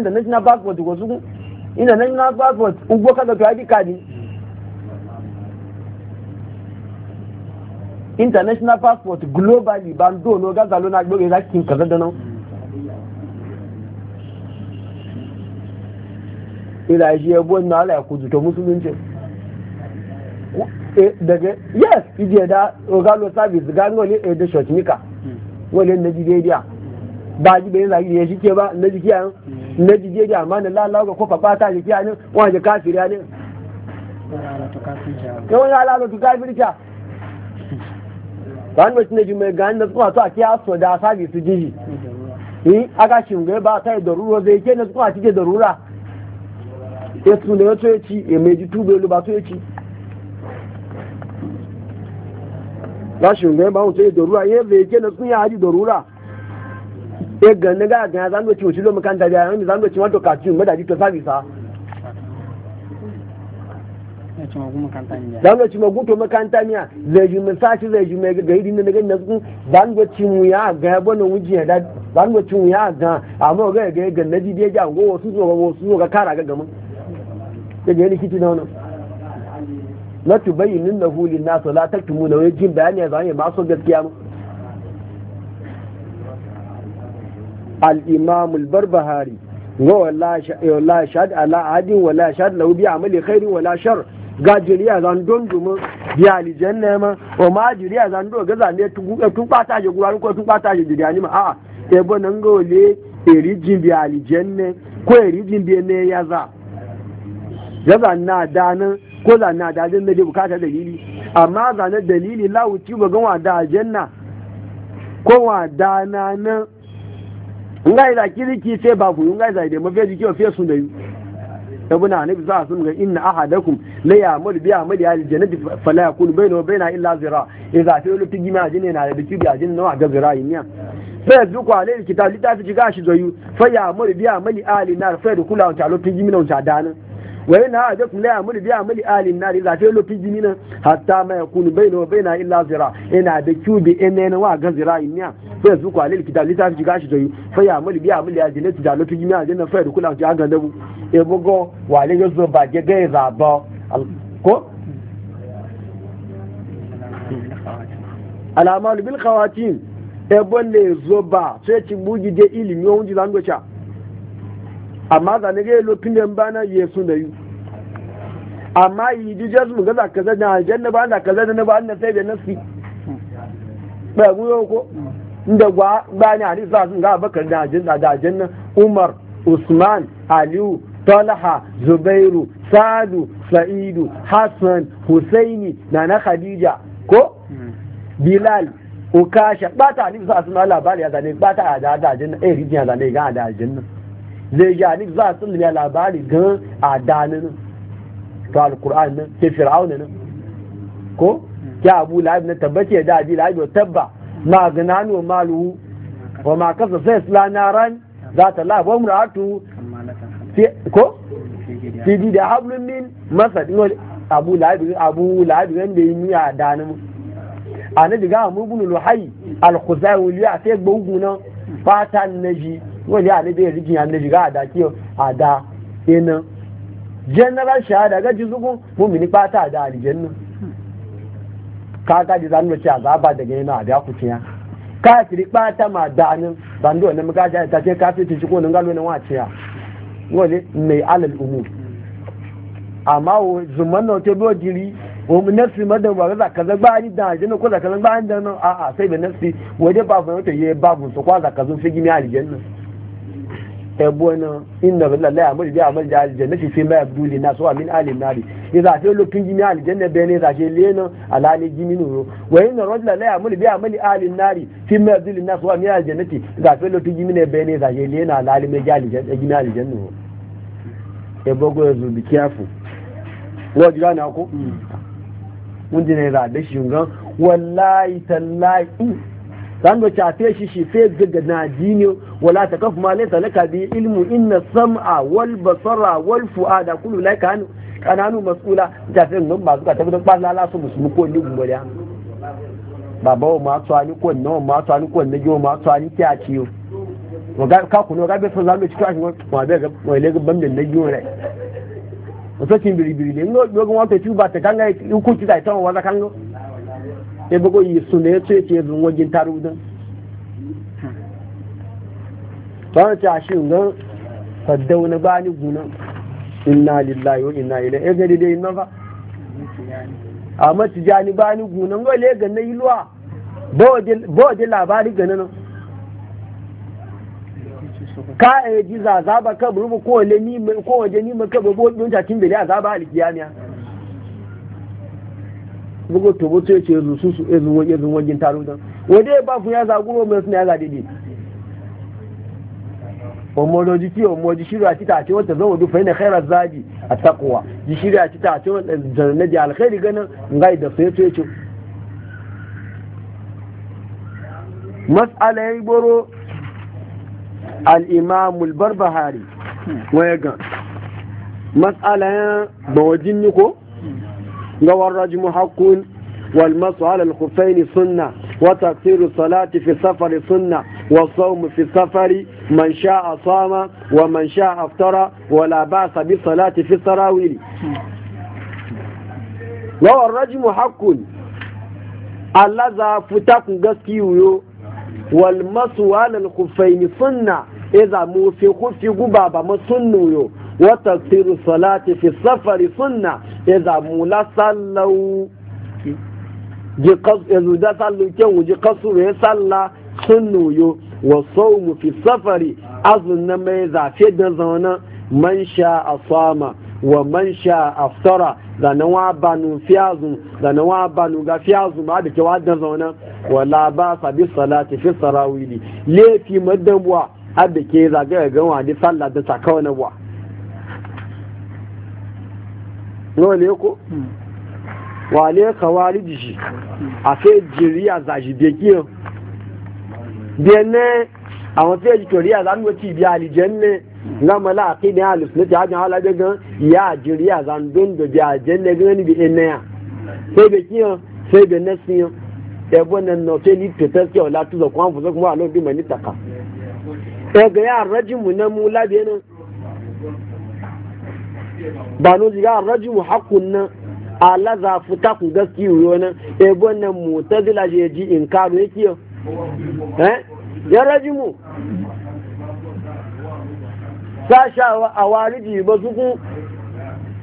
da national passport wasu ina national passport ugbo kaga to id card international passport globally bando no ga zalo na gbogbo ya kin kaza da nan ila ji ebo na ala ya to musulunci E, daga yes ije da ogalo service ga ngoli e de shot mika wole na jide dia ba ji be zagi ya shike ba na mm. jiki an na jide dia amma na lalawa ga kofa fata jiki an wa je kafiri an yawan ala to kafiri ta ban mutum ne jume ga na tsuwa to a kiya so da service jiji yi aka shinge ba ta da ruwa zai ke na tsuwa cike da rura ya e tune ya e to ya ci ya mai ji tube lu ba to ci rashin gani ba mutum da rura yin zai na sun yi haji da rura ya gani ga gani zan doci wacce lo makanta biya yanzu zan doci wato kacin madaji to sabisa zan doci maguto makanta miya zai ji mai sashi zai ji mai gari din na gani na sun zan doci mu ya ga ya bane wuji ya da zan doci mu ya ga amma ga ga ga na ji biya ga wasu zo wasu zo ga kara ga gamin ya ga ni kiti na wannan la tubayyinin lahu lin nas la taktumu lahu yajin bayani zan yi masu gaskiya mu al-imam al-barbahari ga wala shahad ala adin wala shahad lahu bi amali wa wala shar ga jiriya zan don dumu bi aljanna ma o ma jiriya zan do ga zane tun tun pata je gura ko tun pata je jiriya ni ma a e bo nan ga wale erijin bi aljanna ko jin bi ne yaza yaza na danin ko zana da ajin na je bukata dalili amma na dalili wuci ba gan wada janna ko wada na na nga ila kiriki sai ba ku nga ila da mafi jiki wa sun da yi yabuna annabi za a sun ga inna ahadakum la ya'mal bi amali al jannati fala yakunu bayna wa bayna illa zira idza fi lutu gima jinne na da biki da jinna nawa ga zira yin ya fa yazuku alayhi kitab litafi jiga shi zoyu fa ya'mal bi amali al nar fa dukula ta lutu gima na ta danan wai na aje kun la amuli biya amuli alin na da fe lo jini na hatta ma yakunu baina bai na illa zira ina da kubi ina na wa ga zira inya fa zu ko alil kitab litafi jiga shi doyi Fai ya amuli bi amuli ajine ti da lo pijini ajine na fa da kula ji aga dabu e bogo wa le yo zo ba je ga za ba ko al'amalu bil khawatim ebon ne zo ba sai ci bugi de ilimi wani ji zangocha amma zane ga yi lopin da bana yesu da yi amma yi ji jazmu ga zaka zana aljanna ba kaza da na ba an sai da nafsi ba mu ko inda gwa ba ni ali sa sun ga bakar da aljanna da aljanna umar usman aliyu talha zubairu sadu sa'idu hassan husaini nana khadija ko bilal ukasha ba ta ali sa sun labari ya zane ba ta da da aljanna eh rijin zane ga da aljanna zai ga ni sa sun labari gan adanin to alkur'ani nan ke fir'auna nan ko ya abu lahab na tabbace da abi lahab wa tabba ma gananu wa maluhu wa ma kasa sai isla naran za ta lahab wa muratu ko Sidi bi da hablun min masad abu lahab abu lahab ne da yi a danin anabi ga mu bunu luhai al-khuzai wuli a sai gbogun nan fata naji wani anabi ya rigin anabi ga ada kiyo ada ina general shahada ga jizugun mumini fata da aljanna kaga ji zanu ce azaba daga yana da kuciya kafiri fata ma danin do ne muka ja ta ce ka fi ci ko nan galo ne wace ya wole mai alal umur amma o zuman na te bo diri o mu nafsi madan ba za kaza ba ni da aljanna ko za kaza ba ni da nan a a sai be nafsi waje babu ne to ye babu so kwa za kazo fi gimi aljanna ebona inna lillahi amr bi amal fi ma yabduli nas wa min ahli nari idza fi lutun jimi ahli janna bene za ke leno alali jimi nuru wa inna rajula la yamul bi amali ahli nari fi ma fi lutun jimi ne bene za ke leno mun za zan da shafe shi shi fe daga na dini wala ta kafu ma laisa laka bi ilmu inna sam'a wal basara wal fu'ada kullu laika an kananu mas'ula shafe mun ba suka tabbata ba la su musu ko ni gumbari baba o ma to ani ko no ma to ani ko ne jo ma to ani kya ciyo wa ga ka kuno ga be so zan da ci ka shi wa be ga wa le ga bambe ne jo re o so cin biri biri ne ngo jo ga wa to ci ba ta kanga ku ci dai ta wa za kango ya bago yi su ya ce zun wajen taru don tsawon ta shi gan faddau na bani guna inna lillahi wa inna ila ya gari dai na ba a mace jani bani guna ngole ga na iluwa ba waje labari ga nan ka a e yi ji zaza ba kabaru ko waje ni ma kabaru ko wajen takin bele a zaba alkiyamiya bugu to buto ce zu su su ezu eh, wa ezu wani taro don wade ba fu ya zaguro mai suna ya zaɗe ne ọmọdé jíkí ọmọ jíṣírò àti tààtí wọn tẹ̀sán òdu fẹ́ẹ́ ní xẹ́ra záàdì a jíṣírò àti tààtí wọn tẹ̀sán ní alxẹ́rì gánà nga ìdàfẹ́ tó ètò. masala ya gboro al'imamul barbahari wọ́n ya gan masala ya bawajin ni ko والرجم حق والمس على الخفين سنة وتكثير الصلاة في السفر سنة والصوم في السفر من شاء صام ومن شاء افترى ولا باس بالصلاة في السراويل والرجم حق اللذا فتاك قسكيو والمس على الخفين سنة إذا مو في خفي قبابا مسنو وتكثير الصلاة في السفر سنة iza mula sallau izu da sallu kyanwu ji kasuru ya salla sun wa fi safari azun na mai zafe da zauna man sha a sama wa man sha a da na wa banu fiyazu da na wa banu ga fiyazu ma da kewa da zauna wala ba fi sarawili da sallah da sakawa na náà lè kó wà lè kàwà rí jìṣì àfẹ́ jìrí àzàjìdè kí ọ bí ẹnẹ́ àwọn tí èjì kòrí àzánúwé tí ibi àlìjẹ́ ńlẹ̀ ngámọ́lá àkíní àlùsùn tí àjọ alájẹ́ gan ìyá àjìrí àzánúdóńdò gan níbi ẹnẹ́ à sẹ́bẹ̀ kí ọ ní pẹ̀tẹ́ sí ọ̀la tó lọ àwọn fòsókùn wà lóbi mọ̀ ní tàkà ẹ̀gẹ̀ yà náà mú lábẹ́ náà ba no jiga rajul haqqun nan ala za futa ku gaski yo nan e bonan mutazila je ji in karo yake yo eh ya rajimu sasha a waliji ba su ku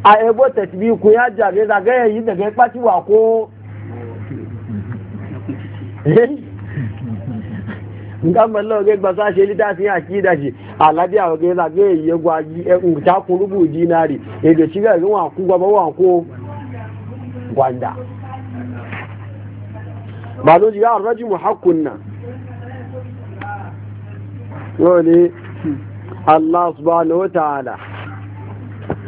a ebo tasbi ku ya jabe zagaye yi daga ya kwaci wa ko eh? nǹkan mọ̀ lọ́wọ́ gbẹ́gbà sá ṣe lítà sí àkídà ṣe àlábíà ọ̀gẹ́ lágbẹ́ ìyẹ́gbà ìtakùn rúbù dínárì èdè ṣígbà ìlú wọn kú gbọmọ wọn kó gwanda ba ló jìyà rọ́jì mu hakun náà yóò ní allah subhanahu wa ta'ala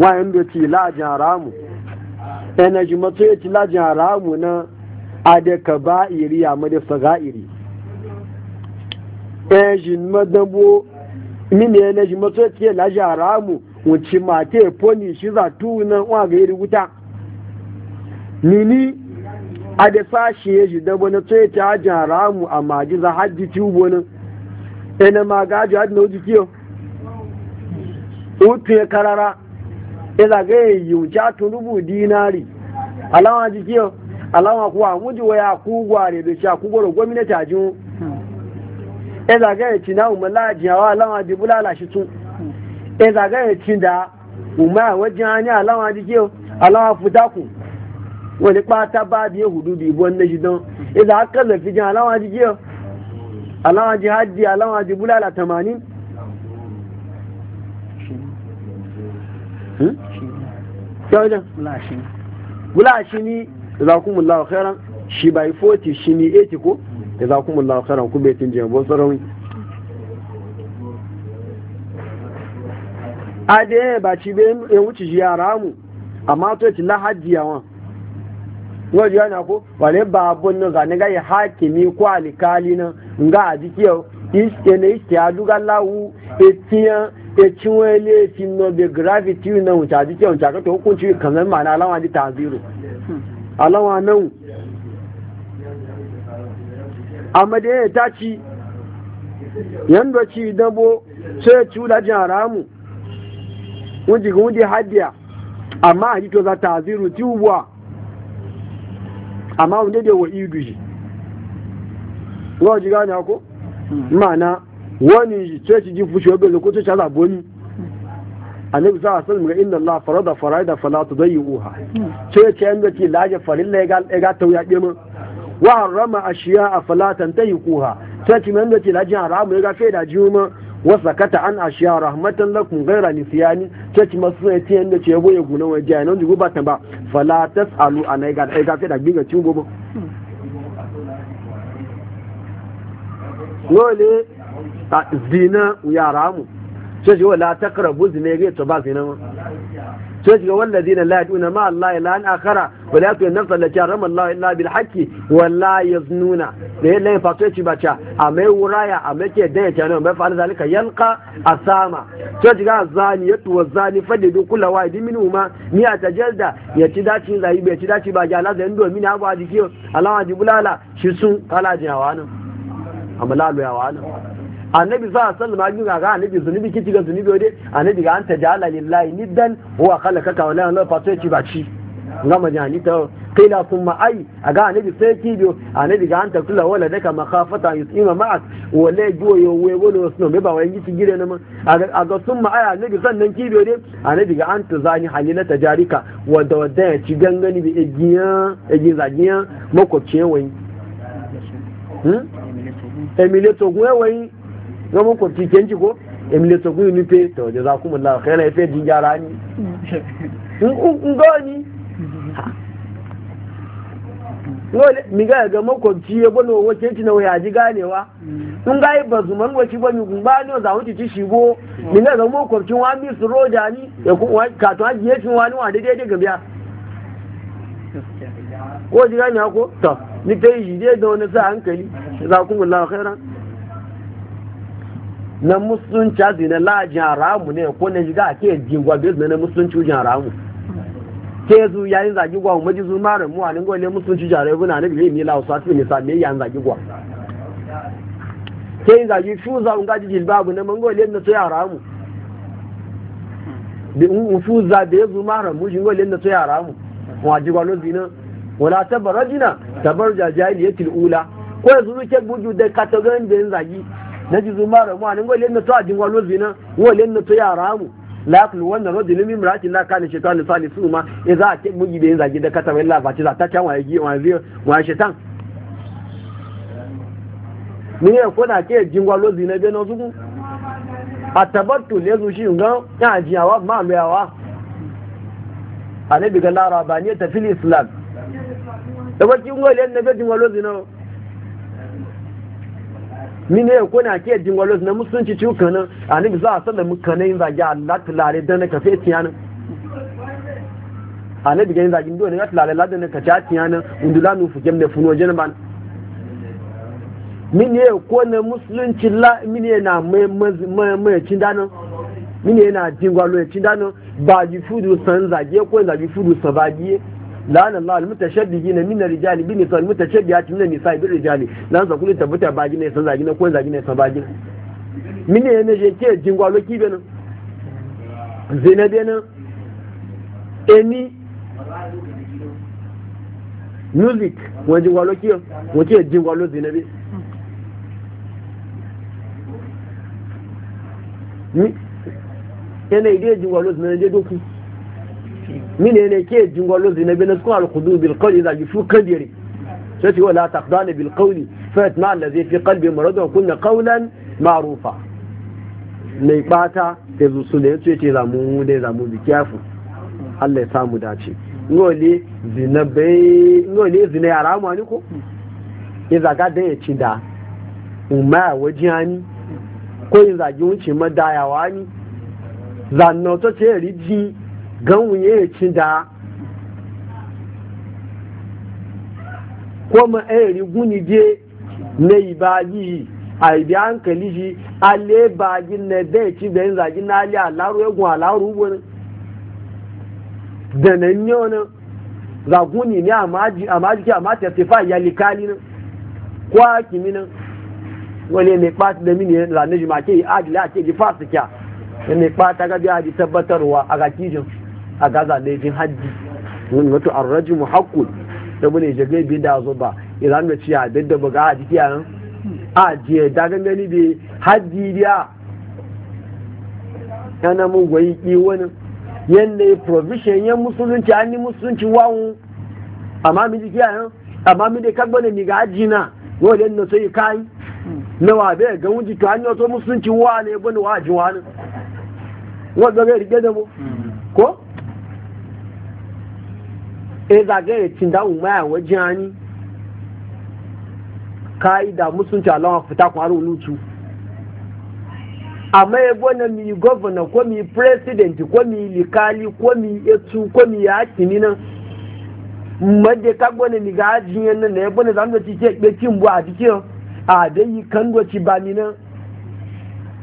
wọn yẹn bẹ ti láàjì haramu ẹnẹjì e yẹ e ti láàjì náà ẹ̀yìn mọ́dánwó mini ẹ̀nà ẹ̀yìn mọ́tò poni ẹ̀ lájà aráàmù wọ́n ti máa tẹ̀ pọ́nì ìṣúra túwú náà wọ́n àgbẹ̀ èrè wúta. nìní adẹ́fáṣe ẹ̀yìn dánwó náà tó ẹ̀ tí ajá aráàmù àmà àjíza hajj tí ó wọ́n ẹ̀nà máa gájọ hajj náà ó ti e karara e ezagaya ci na umala jiyawa alawa di bulala shi tun ezagaya ci da umma wajen hanyar alawa di kiyo alawa futaku wani kpata ba biye hudu di ibo na shi don iza aka lafi jin alawa di kiyo alawa ji hajji alawa di bulala tamanin hmm? yawon bula shi ni zakumullahu khairan shi bai 40 shi ni 80 ko jazakumullahu khairan ku be tin je bo sarawi ade ba ci be e amma to ci la yawa ngo yana ko wale ba abun nan ga ya hakimi ko alikali nan nga ajiki yau iske iske aduga lawu etiyan etinwe ele ti no be gravity na wuci ajiki yau ta ka to hukunci kan ma na alawa di amma da ya ta ci yanda ci dabo sai ya ci wulajin haramu wunji hadiya amma a to za ta ziru ti ubuwa amma wunde da wa idu shi wajen gane ko mana wani sai ci ji fushi wabe da kuta shaza boni annabi sa sallam ga inda Allah farada fara'ida fala tudayyi'uha sai ya ce yanda ya ga wa harama ashiya a falatan ta yi kuha sai ki da ke lajin haramu ya gafe kai da juma wasa kata an ashiya rahmatan lakum ghaira nisyani sai ki masu sai ti yanda ce yabo ya guna wa jiya nan jugu batan ba falatas tasalu an ga ga gafe da gina cin bobo lole a zina ya haramu sai wa wala takrabu zina ya ga to ba zina ma sai shiga wallazina la yaduna ma Allah ila an akhara wa la yatuna nafsa allati harama Allah illa bil haqqi wa la yaznuna da yalla ya fato ci bacha a mai wuraya a mai ke da yata ne mai fa'al zalika yalqa asama sai shiga zani ya wa zani fadidu kullu wahidin minhuma ni a atajalda ya ci daci zai bai ci daci ba ga zai da ndo min abu ajiyo Allah wajibulala shi sun kala jawanan amma lalu yawanan annabi za a sallama yi ga ga annabi zunubi kici ga zunubi wadai annabi ga an ta ja'ala lillahi niddan huwa khalaqaka wa la yanfa to ci ba ci gama jani ta kila sun ma'ai a ga anabi sai kibiyo anabi ga an kula wala daga makafata yi tsima ma'as wale goyo we wani wasu nomi ba wani ci gire nama a ga sun ma'ai anabi sannan kibiyo ne anabi ga an tuzani halila ta jarika wadda wadda ya ci gangani bi egiyan zagiyan makwabciyan wani hmm? emile togun ewayin zaman kwanci kenji ko emile ta kuyi nufe ta waje za kuma la khaira ya fejin gyara ni in gani wale mi ga ga makwabci ya bano wace ci na waya ji ganewa in ga yi ba zuman wace ba mi gumba ni za wuce ci shigo mi ga ga makwabcin wa mi su roja ni ya kuma ka to ya shi wani wa daidai ga biya ko ji gane ko to ni ta yi shi dai da wani sa hankali za kuma la khairan na musulunci azi na lajin haramu ne ko na shiga ke jingwa bezu na musulunci ujin haramu ke zu yayin zagi gwa umaji zu mara mu a ningwa ne musulunci jare buna na bilayi mila wasu ati sa me yayin zagi gwa ke yin zagi shuza gaji jil babu na mango le na to ya haramu bi un za da zu mara mu jingo le na to ya haramu wa ji gwa lozina wala tabarajina tabarja jahiliyatil ula ko yanzu ke buju da katogan da yin zagi na zuma mara mu anin wale na to a jingwa lozi na wale na to yara mu la yaklu wannan ne mimra ti la kana shaytanu salisu ma idza e ta mugi da zagi da kata wallahi ba ci za ta kan waye gi wa zai wa shaytan ni ne ko na ke jingwa lozi na be no zugu atabattu ne zu shi ngan ya awa ma luyawa anabi ga rabani ta fil islam da wakin wale na be jingwa lozi na mine yau kuna ke jin walos na musulunci cikin kanin annabi za a sallar mukana yin zage Allah tulare dan ka fe tiyanin annabi ga yin zage dole ne tulare Allah dan ka ta tiyanin undula nu fujem da funo mine kuna musulunci la mine na mai cin danin mine na jin cin danin ba ji fudu san zage ko zage fudu لعن الله المتشبهين من الرجال بالنساء المتشبهات من النساء بالرجال لان زكولي تبتا باجي ne san zagi na ko zagi ne san baji mine ne je ke jingwalo ki benan zina benan eni music wọ́n jingwalo ki wọ́n ke jingwalo zina be ni ene doku Min ne ke jingwalo zina bi nasu alkudu bil qawli za yufu kadiri sai ce wala taqdana bil qawli fa yatma allazi fi qalbi maradun kunna qawlan ma'rufa mai bata ke zu su da yace ce zamu da zamu bi kiyafu Allah ya samu dace ngole zina bai ngole zina ya ramu ani ko ya zaga da ya ci da umma waje ani ko yin zagi wuce madayawa ni zanna to ce rijin ganwun ya ci da kuma ɗaya guni je na yi baji a yi biya kali shi ale baji na da ci da yin zagi na ali alaru ya gun alaru wani da nan ne wani zaguni ne a majiki a mata tefa ya likali nan ko a kimi nan wani mai ɓata da mini ranar jima'a ke yi adila a ce ji fasikya ne mai ɓata gabi a tabbatarwa a ga kijin a gaza laifin hajji wani wato arraji mu haƙƙun da mu ne jagai bi da zo ba idan da ciya da da buga a jiki a nan a je da gangani bi hajji biya yana mun goyi ki wani yanda provision yan musulunci an yi musulunci wawo amma mi jiki a nan amma mi da kagbo ne mi ga hajji na da na sai kai na wa bai ga wuji to yi wato musulunci wa ne bane wa ji wani wanda bai rike da mu mm. ko e zagaye cin da umma wajen ani ka'ida musunci alawa fita kwaru lutu amma ya gwana mi gọ́vọ̀nà ko mi president ko mi likali ko mi etu ko mi yaki ni nan madde ka gwana mi na ya gwana zan ti jẹ́ kpe kí n a àdìkí a àdé yi kan doci ba ni nan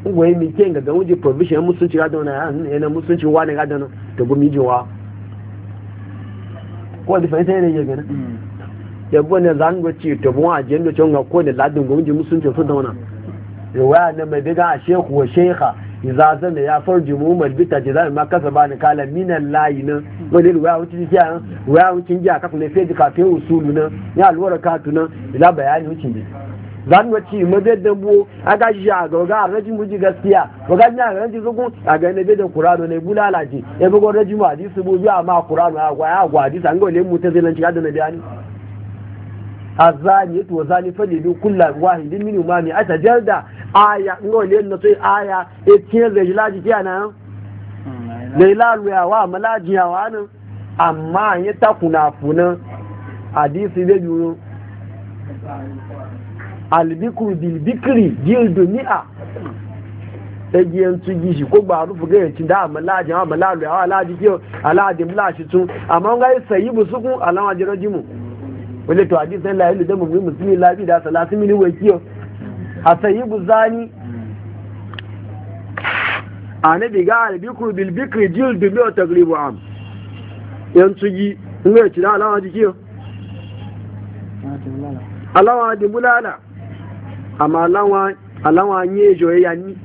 ngwai mi jẹ́ ga ga di provision musunci ga ẹ̀ ya na musunci wa ne ga dona to gumi wa. ko da fahimta ne ya gani yabo ne zan go ci to bon ajin do chonga ko ne ladin go mun ji musunci su da wannan riwaya ne mai biga a shehu wa sheha idza zana ya farji ce. bi tajzal ma kasaba bani kala minan layi nan wani riwaya wucin ji an riwaya wucin ji kafin ne feji kafin usulu nan ya alwara katu nan ila bayani wucin za mu ci mu da dabo a ga shi a ga ga raji muji gaskiya ba ga ina raji zugu a ga ne da qur'ano ne bulalaji e bugo raji mu hadisi bu biya ma qur'ano a gwa a gwa hadisi an ga ne mu ta zai nan ci da nabi ani azani to zani fali du kullu wahidin min umami atajalda aya ngo le no to aya e tie zai laji kiyana dai laluya wa malajiya wa nan amma ya takuna funan hadisi e da biyu albikru bilbikri gildu mi'a ko ba rufu ga yanci da tun amma ga yi sayi bu suku alama jimu wale to sai da mu labi da mini wai kiyo a sayi bu zani gildu mi'a am in ga yanci da alama alama amma alawa an e e e yi ejo ya ni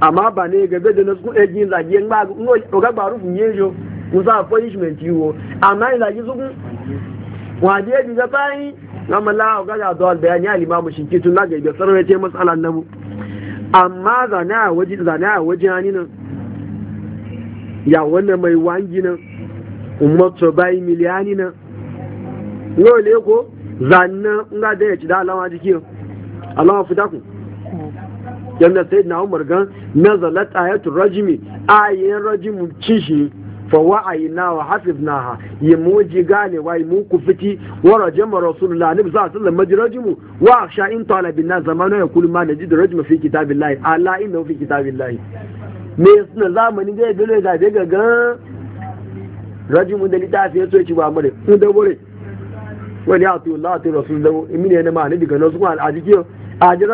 amma ba ne gabe da nasu egin zagi yan ba ga ba rufin yi ejo n sa punishment yiwo amma yin zagi su kun waje ya jiga bayi na mala ga da zuwa bayani alimamu shinki tun laga ibe sarwa ya ce matsalan namu amma zane a waje zane a waje hani nan ya wannan mai wangi nan ummatu bayi miliyani nan yau ne ko zannan nga da ya ci da alama jiki alama fita ku yanda sai na umar gan nazalat ayatul rajimi ayin rajimu cishi fa wa'ayna wa hafidnaha yamuji gane wa mu ku fiti wa rajama rasulullah nabi sallallahu alaihi wasallam rajimu? wa sha in talabin na zamanu ya kullu ma najid rajma fi kitabillahi ala inna fi kitabillahi me suna zamani ga gele ga ga rajimu da litafi ya ci ba mare ku da bure wani ya tuyo Allah ta rasul da mini ne ma ne diga na su kuma ajiki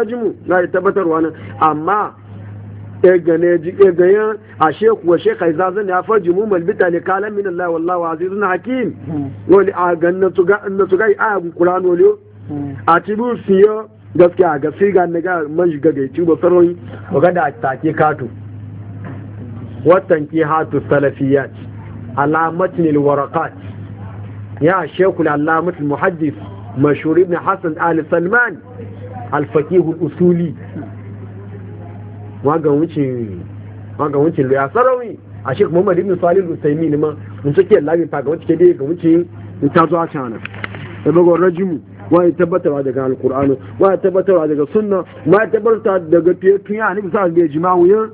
jimu na tabbatarwa nan amma egayen e a sheku wa shekai zazan ya farji jimu malbita ne kalan min Allah wallahu azizun hakim hmm. wani a gan na tuga hmm. a yagun kurano ne a cibu fiye gaskiya ga siga na ga man shiga ga ci ba sarori da take watan ke hatu salafiyat alamatin ya شيخ allamut muhaddis mashhur ibn hasan ali salman al-faqih al-usuli waga wucin waga wucin ya sarawi a shek Muhammadu ibn salih al ne ma in suke lamin faga, ga wuce ke dai ga wuce in ta zo a cana da bago rajimu wa ya tabbatarwa daga alkur'anu wa ya tabbatarwa daga sunna ma ya tabbatarwa daga tiyatun ya ni bisa ga jima'u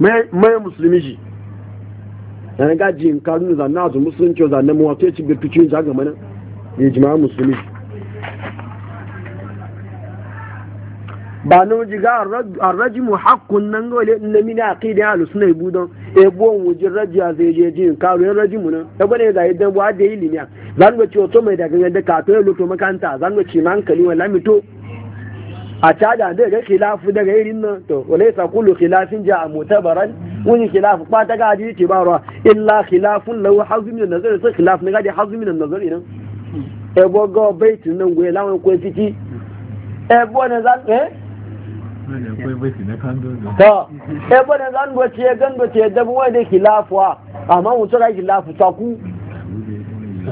mai musulmi ji yana gaji in karu da zanna su musulunci zanna mu wato ci bitu za ga mana ya jima'a musulmi ba na wuji ga arraji mu hakkun nan gole na mini da ahlus sunna ibu don e bo wuji raji a zai je jin karu yan raji mu nan ya e gwada ya idan dan buwa da ilimi zan ga ci wato mai daga yadda ka ya luto makanta zan ga ci man wa wala mito a caja da ga khilafu daga irin nan to wale sa kullu khilafin ja mutabaran wani khilafu ba ta gaji yake ba ruwa illa khilafun law hazmi min nazari sai khilafu ne gaji hazmi min nazari nan e bo go baitin nan go lawon ko fiki e bo ne za eh to e bo ne zan go ce gan go ce da bo da khilafu amma mun tsara khilafu ta ku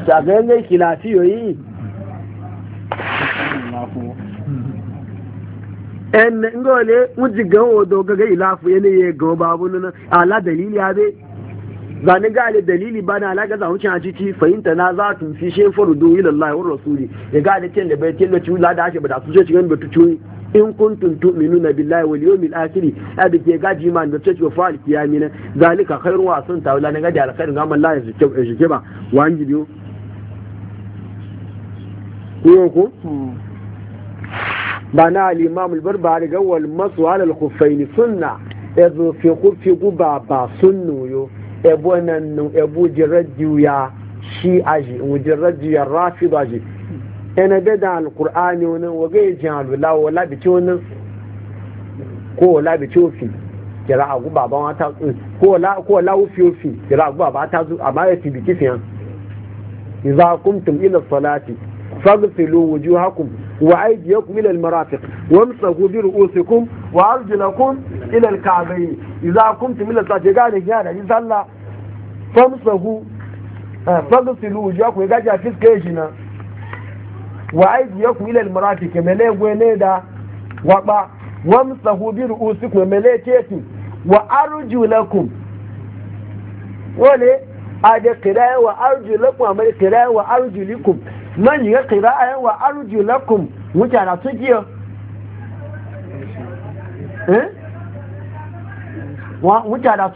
ta ga ne khilafi yoyi en ngole wuji ga odo ga ila fu yana ye ga babu nan ala dalili abe ba ni ga dalili ba na alaga zan wucin ajiti fahimta na za tun fi she faru do ila Allah wa rasuli ya e ga da kin da bai kin da ciwla da ake ba da su ce cikin batu ciwi in kuntum tu'minuna billahi wal yawmil akhir abi ke gaji ma da ce ko fa'al kiyamin zalika khairu wa sun tawla na ga da alkhairin ga Allah ya zuke ba wa an ko ko ba na al-imam barbari masu ala al-khuffaini sunna ezo fi kufi guba ba sunnu yo nan nu ebo jiradiyu ya shi aji jiradiyu ya rafidu aji ene be da al wani wage jalu la wala bi ci wani ko wala bi ci ofi kira agu baba wa ta ko wala ko ofi ofi kira agu baba ta zu kifiyan kumtum ila salati wujuhakum وأيديكم إلى المرافق وامسكوا برؤوسكم وأرجلكم إلى الكعبين إذا قمتم إلى الصلاة قال جانا إذا الله فامسكوا فاغسلوا وجوهكم يقاجع في سكيجنا وأيديكم إلى المرافق ملي وينيدا وقع وامسكوا برؤوسكم ملي تيتي وأرجلكم ولي هذا قراءة وأرجلكم أمر قراءة وأرجلكم man yi kai ba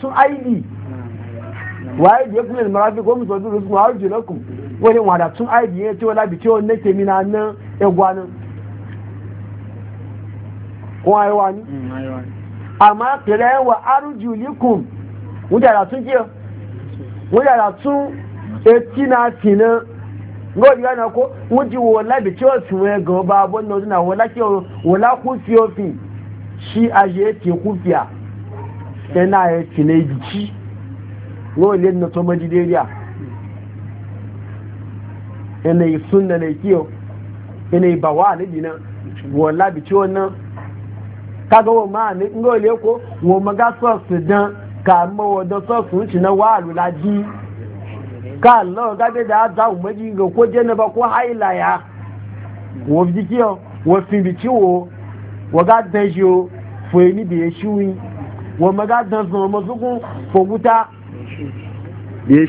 su eh? aidi waye da ya kuma wajen rusu wani wada sun aidi ya ce wala bice nan kuma amma kira wa arju likum mutana sun giyo etina finan lóòdì yánà kó wọ́n ti wò lábì tí ó na ọba abọ́ náà ọdún àwọn láti ọ̀rọ̀ wọ́n fi òfin ṣí ayé ti kú fìyà ẹ̀nà ayé ti ní ibi tí lóò lè nà tó mọ́jú dérí à ẹ̀nà ìsún nà lè kí ọ ẹ̀nà ìbàwọ́ àlejò náà wọ́n lábì tí ó ná kágọ́wọ́ ka Allah gabe da za mu maji ga ko janaba ko haila ya wo bikiyo wo finbici wo wo ga danjo fo ni bi shuwi wo ma ga dan zo mo zugun fo buta bi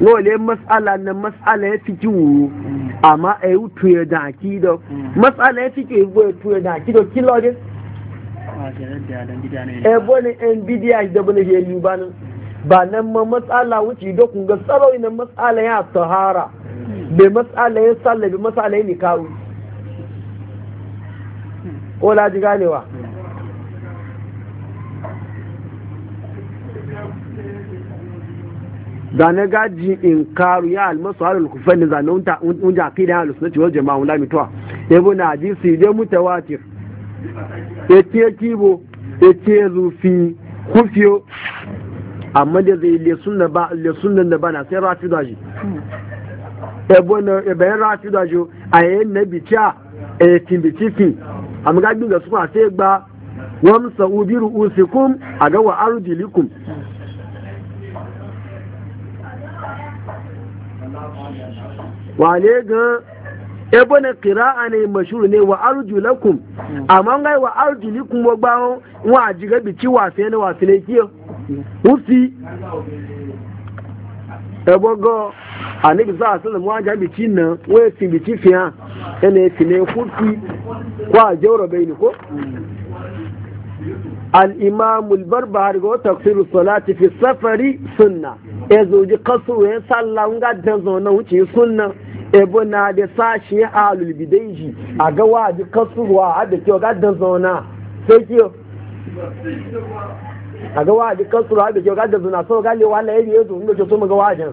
wo le mas'ala na mas'ala ya fiki amma e utu ya da akido mas'ala ya fiki wo utu ya da akido kilode ebo ne nbda da bane je libanin ba nan ma matsala wuce da kun ga tsaro na matsala ya tahara bai matsala ya sallah bai matsala ya nikawu ko ji ganewa zane gaji in karu ya almasu halin alkufan da zane unja akida ya jama'a wunda mituwa ya bu na je dai watir ya ce kibo ya ce zufi kufiyo amma da zai le sunna ba le da bana sai rafi da shi e bona e bayan rafi da shi a yayin nabi cha e timbitifi amma ga da suna sai gba wamsa ubiru usikum aga wa arjulikum wale ga ebone qira'a ne Mashuru ne wa arjulakum amma ngai wa arjulikum wa bawo wa ajiga bici wa sai ne wa sai ne kiyo Wusi, ebogo anibi za a sallam wajen biki nan wai fi biki fiya yana ya fine hutu ko a jaura bai ko al-imam al-barbahari ga tafsiru fi safari sunna e zoji kasu ya sallan gadan wuce sunna ebo na da sashi alul a ga waji kasu wa a da kyau gadan zona sai kiyo a ga wa kan su da ke gadda zuna sau gane wa wala yayi yazo inda ke so mu ga wajen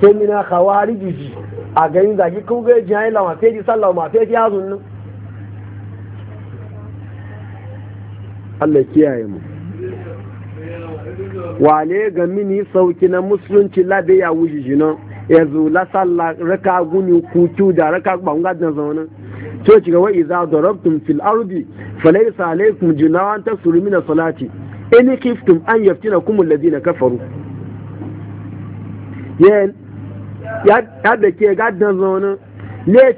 kemina khawariji ji a ga yin zagi ko ga jihai la ma feji sallahu ma feji ya nan Allah kiyaye mu wale ga mini sauki na musulunci labe ya wujiji jinan yanzu la sallah raka guni kutu da raka gbangadin zaune? sai ci gaba iza darabtum fil ardi falaysa alaykum junahun tasuru min salati in khiftum an yaftinakum alladhina kafaru yen ya ya da ke gaddan zonu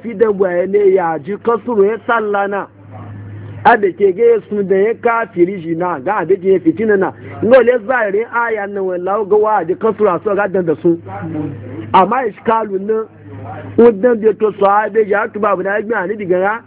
fi da waye ne ya ji kasuru ya sallana a da ke ga sun da ya kafiri shi na ga da ke fitina na ino le zahirin aya nan wallahu ga wa da kasura a so gaddan da su amma iskalun nan wadan da to sahabe ya tu babu na gbe ani diga ya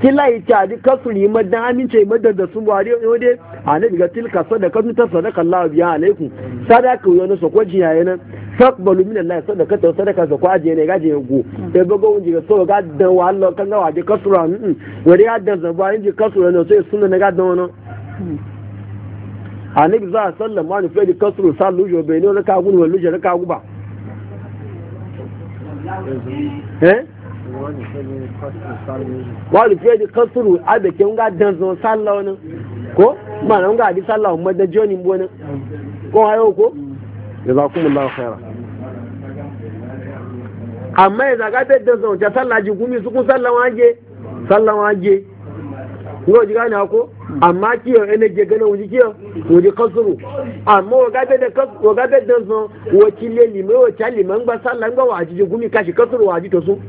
kila yi ta di kasuri madan amince madan da sun wari ne ode ani diga tilka sadaka tun ta sadaka Allah biya alaikum sadaka yo ne so ko jiya yana sakbalu min Allah sadaka ta sadaka so ko aje ne gaje go e bago unji ga so ga dan wa Allah kan ga waje kasura mm wari ga dan zaba inji kasura ne sai sunna ne ga dan wono annabi za sallallahu alaihi wasallam ma ne fi kasuru sallu jo bai ne ka gun wallu je ka ba. wọ́n lè fi èdè kan sùrù àbẹ̀kẹ́ ń ga danzan sálọ ko kó màrà ń ga àdí sálọ ọmọdéjọ́ ni bọ́ ni kó wáyé oko ìzàkúnmùlá ọ̀fẹ́ra àmọ́ ìzàkátẹ́ danzan ọ̀jà sálọ àjùkú mi sùkún sálọ wọn á jẹ sálọ wọn á jẹ ngo ji gane ko amma kiyo ene je gane wuji kiyo wuji kasuru amma wa gabe da kasuru wa gabe da so wa kile lime wa chali man ba sallan ga wa ji gumi kashi kasuru wa ji to su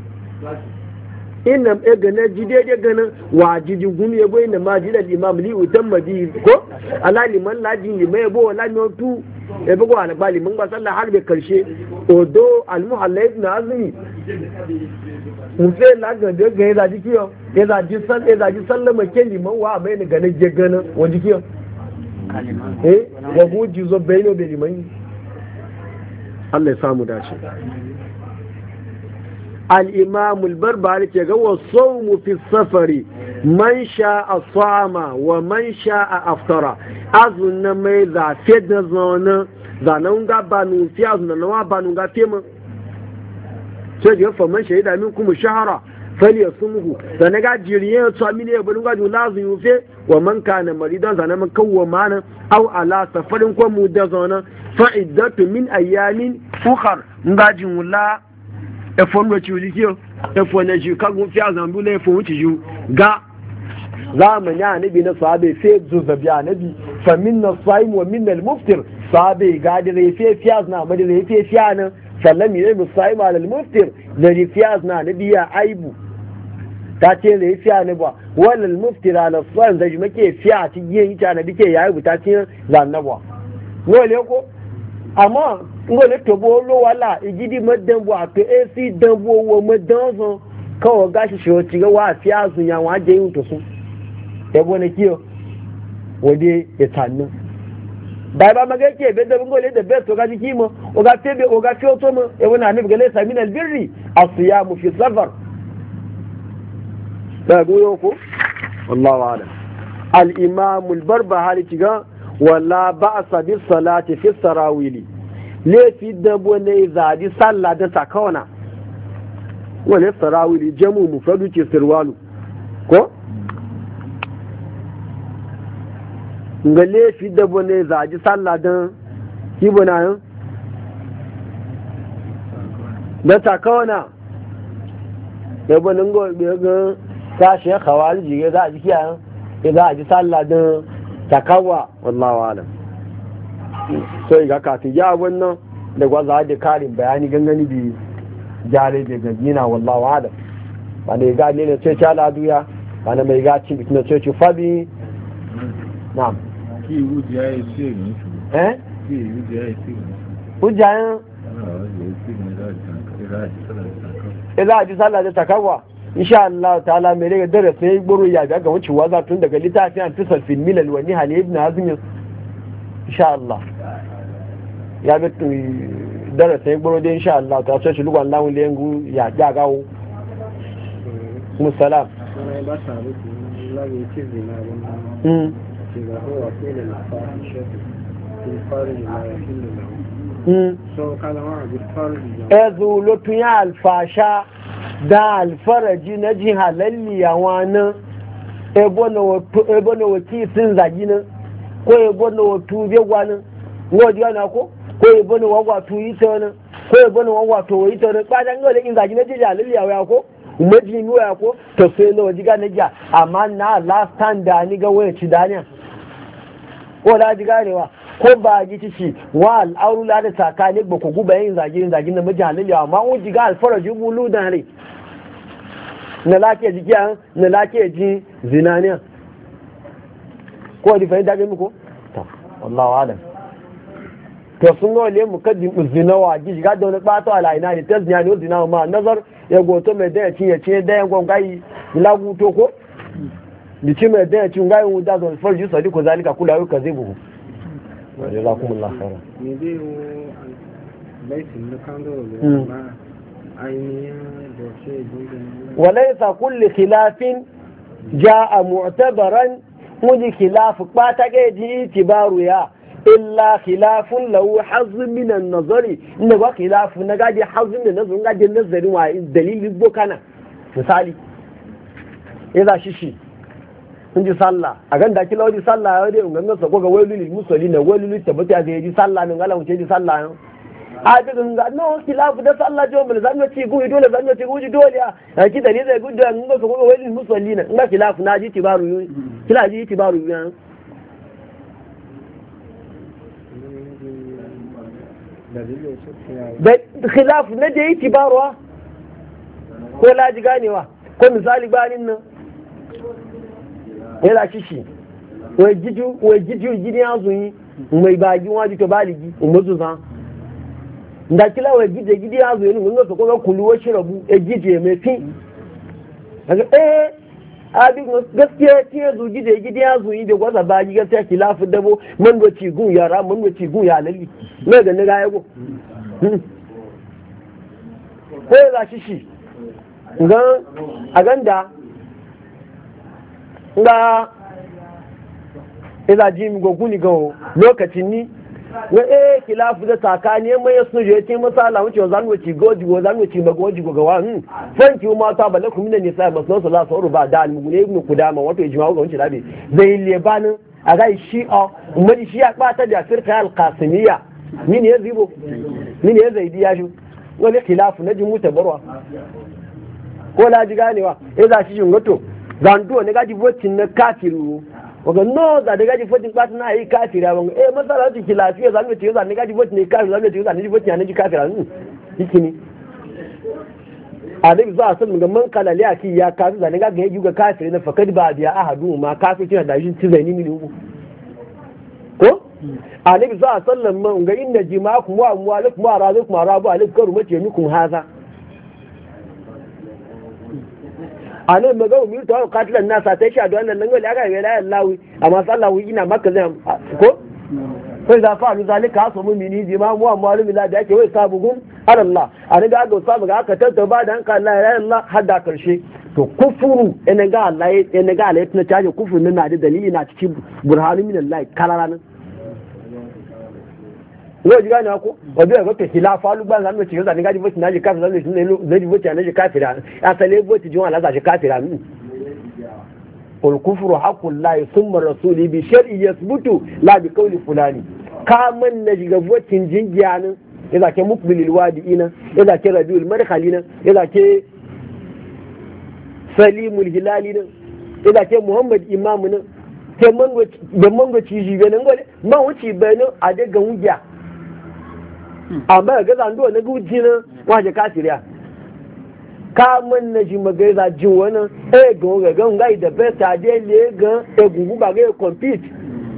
inna e gane ji de gane wa ji ji gumi ya bo na ma ji da imam li utan madi ko ala liman lajin lime ya bo wala mi tu ya bugu alibali mun ba sallah har be karshe odo almuhalla ibn azmi mun fe lagan da ga da ji kiyo da ji san da ji sallama ke liman wa mai ni gane je gana wa ji kiyo eh wa ji zo bayno be mai Allah ya samu dace al-imam al-barbari ke ga wa sawmu fi safari man sha a tsama wa man sha a aftara azun na mai zafe da zaune zanen ga banu fi azun na nawa banu ga fema sai ya fa man shahida min kuma shahara fali ya sumuhu zane ga jiriye ya tsami ne ya bani ga jula zu yufe wa man kana maridan zane man kawwa mana au ala safarin ko mu da zaune fa iddatu min ayyamin ukhar ngajin wula efon lo ci wuli kiyo efon na e ji kagun fi azan bula efon wuci ju ga Za zamani annabi na sahabe fe zuzabi annabi fa minna saim wa minna al-muftir sahabe ga da rai fe fiyaz na amma da rai fe fiyana sallam yi bi saim ala al-muftir da rai fiyaz na annabi ya aibu ta ce rai fiyana ba wal al-muftir ala saim da ke fiya ta yi ta annabi ke ya aibu ta ce zannabawa le ko amma to tobo lo wala igidi madan bo ape ac dan bo wo madan so kawo gashi shi o ti ga wa fi azun ya wa je yin to sun yabo na kiyo wadi ya tannu bai ba maga yake bai da bungo da best oga jiki mu oga O oga fiyoto mu yabo na nufi gale samin albirri a siya mu fi safar da goyo ko wallahu alam al imam al hali kiga wala ba'sa bis salati fi sarawili lefi dabo ne zadi sallah da sakawana wala sarawili jamu mufradu ke sirwalu ko nga laifi dabo ne za ji sallah don kibo na yin da takawana yabo ngo ga ga tashi ya kawar jige za a ji kiyayen ya za a ji sallah don takawa wallahu alam so ga kafin ya wannan da gwaza da karin bayani gangani bi jare da gagina wallahu alam ba ne ga ne na ce ta laduya ba na mai ci na ce ce fabi na'am Ki hujja ya ce musu. Eh? Ki hujja ya ce musu. Hujja yan? Ila ji sallah da takawa. Insha Allah ta'ala mai daga darasa ya gboro ya ga wucewa za tun daga littafin Antisal fil Milal wa Nihal ibn Hazm. Insha Allah. Ya ga darasa ya gboro dai insha Allah ta sai shi lugan lawun lengu ya ga gawo. Musalam. Sai ba sa rubu. ya فيما هو فعل الفاحشة ما يحل له ya alfasha da alfaraji na ji halalli ebo na waki sun zagi nan, ko ebo na watu begwa nan, ngodi yana ko, ko ebo na wagwa tu yi ta nan, ko ebo na wagwa to yi ta nan, in zagi na ji halalli yawa ko? umarji ni waya ko to sai na wajiga na ja amma na last time da ni ga waya ci daniya ko laji garewa ko ba ji ci, wa al'auru la da tsakani ba ku guba yin zage yin zage na miji haliliya amma mun ji ga alfara ji bulu da hare na lafiya jiki a na lafiya ji zinaniya ko di fahimta ga muku ta wallahu adam to sun ga wale mu kadin zinawa ji shiga da wani bato ala ina ne tasniya ne zinawa ma nazar ya goto mai daya ya cinye cinye da ya lagu to mai mitima ya dena chungayi mudazo nifalji yusa liku zanika kula yu kazibu wajala kumula khara nidi u laisi mnukando lima hmm. aimiya dorshe dungan walaisa kulli khilafin jaa mu'tabaran muji khilafu kbatake di itibaru ya illa khilafun lahu hazzun min an-nazari inna wa khilafun nagaji hazzun min an-nazari nagaji nazari wa dalili bokana misali idha shishi sun ji sallah a ganda kila wajen sallah ya wajen gangan sako ga wailu lil musali na wailu lil tabbata zai ji sallah min ala wuce ji sallah yan a daga ga no kilafu da sallah jiwa mun zan ci guji dole zan ci guji dole ya ki da ne zai guji da gangan sako ga wani lil musali na ga kilafu na ji tibaru yi kila ji tibaru yi da khilaf na da yi ko laji ganewa ko misali banin nan yana shishi wai jiju gini ya zuyi mai baji wani to baligi umazu zan da kila wai gije gidi ya zuyi mun ga kuma kulu wa shirabu e gije mai fi daga eh abin gaskiya ti ya zuji da gidi yi de da gwaza bagi gaskiya kilafin dabo mun ga ya hmm. ra yara mun ya lalli mai ga ni ga yago ko ya shishi ga a ganda nga ila ji mi gogun ni gan lokacin ni na e eh, kilafu da tsakani eh, mai yasu je ce masala wuce wa zanwa ci goji wa zanwa ci mago ji gogawa thank you ma ta balaku kuma ne sai ba sala alaihi ruba ba da almugune ibn kudama wato ijma'u ga wuce dabe zai lebanin a ga shi'a shi ya kwata da firka al-qasimiyya min ya zibo min ya zaidi ya shi wani kilafu na jimu tabarwa ko la ji ganewa idan eh, shi shin gato zando ne gaji votin na kafiru wanda no za da gaji votin ba na yi kafira wanda eh masala ke lafiya za mu ce za ne gaji votin ne kafiru za mu ce za ne votin ne kafira ne hikini adabi za a san ga man kalali liya ya kafi za ne gaji ya yuga kafiru na fakad ba biya ahadu ma kafiri kina da shi tizaini ne ko ko adabi za a san nan man ga inna jima'akum wa amwalukum wa razukum wa rabu alaikum karu mace nukun haza a nan mai umir ta wani katilan nasa ta shi a duwan nan nangali aka yi layar lawi a masu allawi ina maka zai ko sai za fa misali ka so mun mini jima ma muwa muwa la da yake wai sabugun Allah a riga ga sabu ga aka ba da hanka Allah ya Allah har da karshe to kufuru ina ga Allah ina ga Allah ya tuna caje kufuru na da dalili na cikin burhanu min Allah kalaran wọ́n ti gánà kó ọdún ẹ̀kọ́ tẹ̀sí láfa alúgbà ńlá lóṣìṣẹ́ ọ̀sán nígbà jìbọ̀tì náà ṣe káfíńsá náà ṣe káfíńsá asẹ̀lẹ̀ bọ̀tì jùwọ̀n aláṣà ṣe káfíńsá nù. olùkúfùrù hakùnláì wọ́n rasul ibi ṣẹ́rì yẹsùbùtù láàbì kọ́ọ̀lì fúlàní káàmán na shiga bọ̀tì jìnjìyà ni yàtà kẹ́ mukbilil wadi ina yàtà kẹ́ rabiul madkhali na yàtà kẹ́ salimul muhammad imam na man wuce bayanin a daga wuya amma ga zan do na guji na wa je kafiriya ka mun na ji magai za ji wani e ga ga ga ngai da beta de le ga e gugu ba ga e compete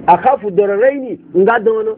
akafu doraraini nga dono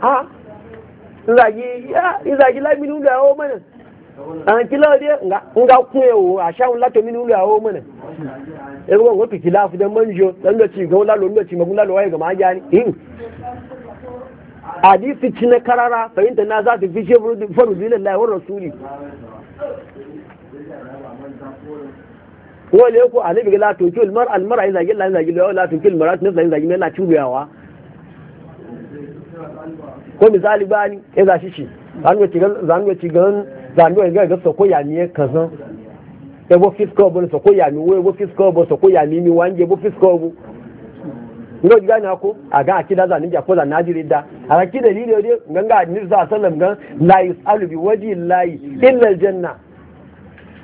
ha nzagi la mini ulu awo mana an kila de nga kunye wo a sha un lato mini ulu awo mana e ko ngo pikila fu dan manjo dan da ci ga wala lo ndo ci magun lalo waye ga ma jani in hadisi cin karara fahimta na za ta fi shebru faru lillahi e wa rasuli wale ko annabi ga la to kil mar al mar'a iza gilla iza gilla la to kil marat nafsa iza gilla la tubiyawa ko misali ni ya za shi shi zanuwa ci gan zanuwa ci gan zanuwa ga ga sako ya ne kazan ya bo fisko bo sako ya mi wo bo fisko bo sako ya ni mi wanje bo fisko bo ngo diga na a aga akida za ninja ko za najiri da aga ki dalili ode ga ni za sallam gan la yusalu bi waji llahi illa aljanna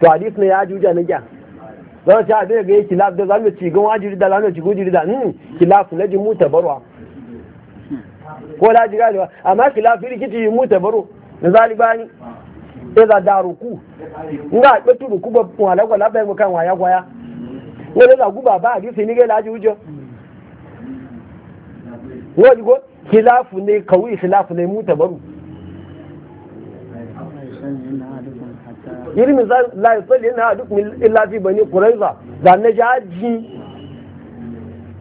to hadith ne ya juja ninja zan ta da ga yake lab da zanuwa ci gan wajiri da zanuwa ci gujiri da hmm kilafu na ji mutabarwa ko laji ganewa amma khilafi rikici yi muta baro da zalibani iza da ruku nga a ɓetu ruku ba wala gwala bai mu kan waya waya, wani za guba ba a gisi ni ga laji wujo wani ko khilafu ne kawai khilafu ne muta baro yirmi la yusalli na duk illa fi bani quraiza da na jaji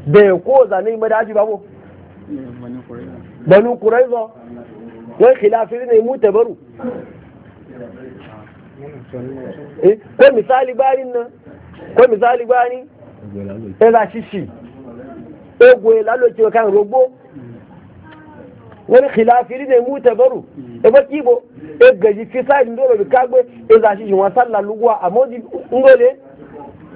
da ko zane mai daji babo banu kuraiza wai ne mu tabaru misali nan misali kan wani ne mu tabaru kibo gaji fi bi kagbe ngole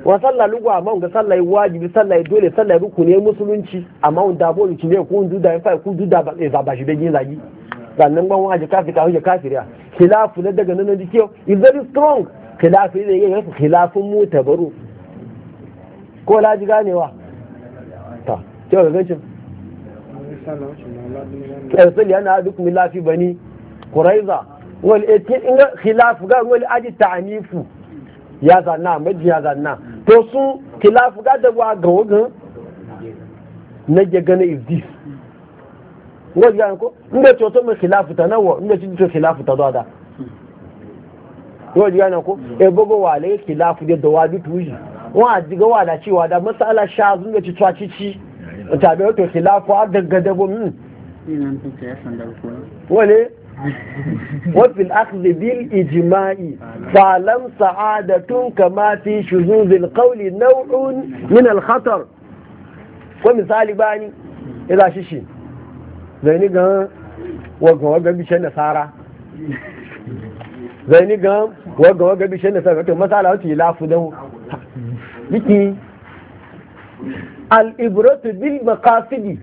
wa sallah lugu amma ga sallah wajibi sallah dole sallah ruku ne musulunci amma un da bolu kine ku du da fa ku du da ba eh, za ba shi be yin lagi sannan ban waje kafi ka waje kafiriya khilafu na daga nan dike is very strong khilafu ne yayin khilafun baro. ko laji ganewa ta kyau eh, ga gancin ƙarsali yana duk milafi bani ƙuraiza wal etin inga khilafu ga wal aji ta'anifu ya zanna maji ya zanna to su kilafu ga da wa ga wogan na je gane is ngo ya ko inda to to mai kilafu ta nawo inda ci to kilafu ta da ngo ya ko e bogo wale kilafu da da wadi tuji wa diga wala cewa da masala sha zun da ci tsaci ci ci. ta da to kilafu a daga dabo min wale wafin akhdhi bil ijima'i. fa lam sa'adatun kama fi shuzuz al qawli naw'un min al khatar ko misali bani ila shishi zaini ga waga waga bishe nasara zaini ga waga waga bishe nasara to masala wace lafu dan yiki al ibratu bil maqasidi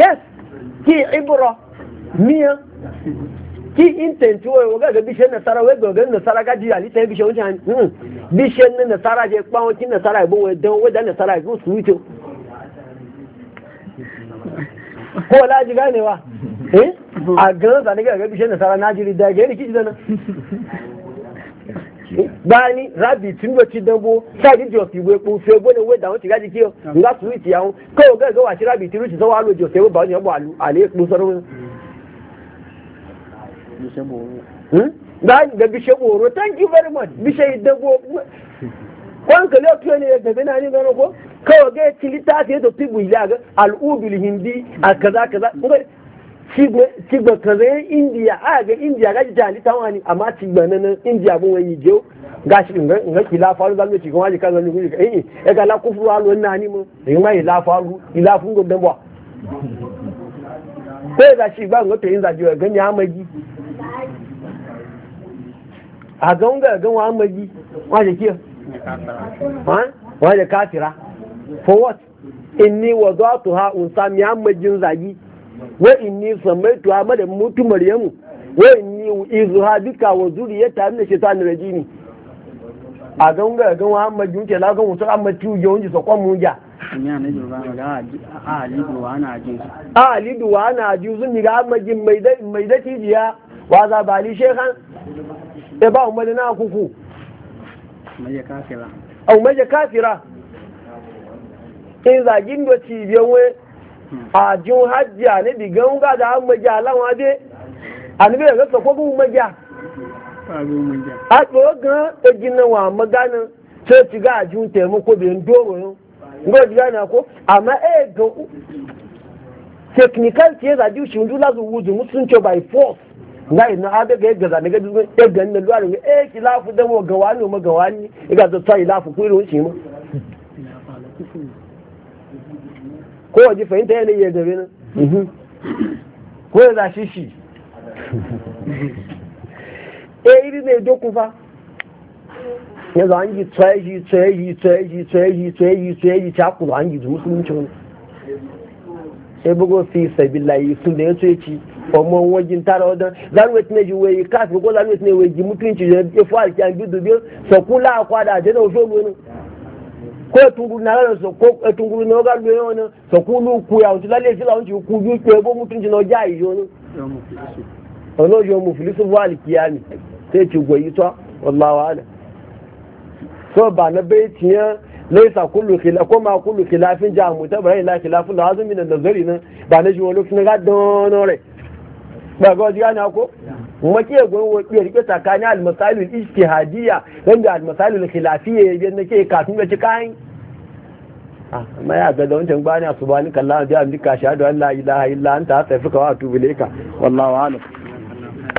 yes ki ibra miya ki intent wo woga ga bishe na sara we goga na sara ga diya lita bishe wuce han hmm. bishe na na sara je pa won ki na sara e bo we don we dan na sara e go suwito ko la ji gane wa eh a gan da ne ga bishe na sara na jiri da ga ni ki dana bani rabi tun do ti dambo side di ofi we po fe gbona we dawo ti gaji ki o nga suwiti yawon ko ga ga wa ti rabi ti ru ti so wa lo jo se wo ba ni obo alu ale po so boro da bishe boro hmm? thank you very much bishe dago kwan ka lokacin ne ya da na ni gano ko kawai ga ci littafi da tibu ila ga al'udul hindi a kaza kaza cigba kaza ya indiya a ga indiya ga ji jali ta wani amma cigba nan indiya bin wani jiyo ga shi ga kila faru zalme ci kuma ji kan zalme kuji eh ya ga la kufru alu na ni mu yi mai la faru ila fun godan ba ko ga e shi ba ngoto yin zaji ga nya magi a gan ga gan wa amaji wa da kiyo wa da kafira for what inni wadatuha unsa mi amajin zagi wa inni samaitu ha da mutu maryamu wa inni ha bika wa zuriyata min shaitanir rajim a gan ga gan wa amaji ke la gan wasu amaji uje unji so kwa munja a alidu wa na ajiyu sun amma amajin mai da tijiya wa za ba li shekhan e ba umma na kuku maje kafira au maje kafira in zagin da cibiyan we hmm. a jin hajjiya ne digan ga da an maja lawa de an bai ga ko e gun maja a tsoro gan ejin na wa maganin sai ci ga ajin taimako bin doro yau ngo jiga na ko amma e ga technical ke za ji shi ndu lazu zu wuzu musun by force nga ina aga ga gaza ne ga dukun e ga luwa ne e kilafu da mo ga wani mo ga wani e ga zata ilafu ku irin shi mu ko waje fahimta ne ya na mhm. ko ya za shi shi e iri ne dokun fa ya zo an ji tsaye ji tsaye ji tsaye ji tsaye ji tsaye ji tsaye ji ta an musulunci sai bugo fi sun da ya tsaye ọmọ wọn jí ntara ọdún zanwet náà ju wẹ̀yì káàfin kó zanwet náà wẹ̀yì jí mutu ìtìjú efo àti àgbẹ̀dọ̀ bí sọ̀kú láàkwádà àti ẹ̀dọ̀ òṣèlú ẹnu kó ẹtùngúrú náà lọ sọ̀kó ẹtùngúrú náà ọgá lu ẹyọ ọ̀nà sọ̀kú ló ku ẹ̀ àwọn tí lálẹ́ sí làwọn ku bí pé ẹgbẹ́ mutu ìtìjú náà já ìyọ ọ̀nà ọ̀nà òjò mu fìlísù wàlì kíámi tẹ́ ti gbọ̀ yìí tọ́ ọ̀làwàlẹ̀ sọ bàánà bẹ́ẹ̀ tiẹ́ laisa kullu khilaf ko ma kullu khilafin jamu tabara ila khilafun lazim min an-nazari ba na jiwo lokacin ga donore ba ga wajen gane ko maki ya goyi ya rike tsakanin almasalul ijtihadiyya wanda almasalul khilafiyya ya na ke kafin da cika kayan ah, amma ya ga da wancan bani subhanaka allahumma bihamdika ashhadu an la ilaha illa anta astaghfiruka wa atubu ilayka wallahu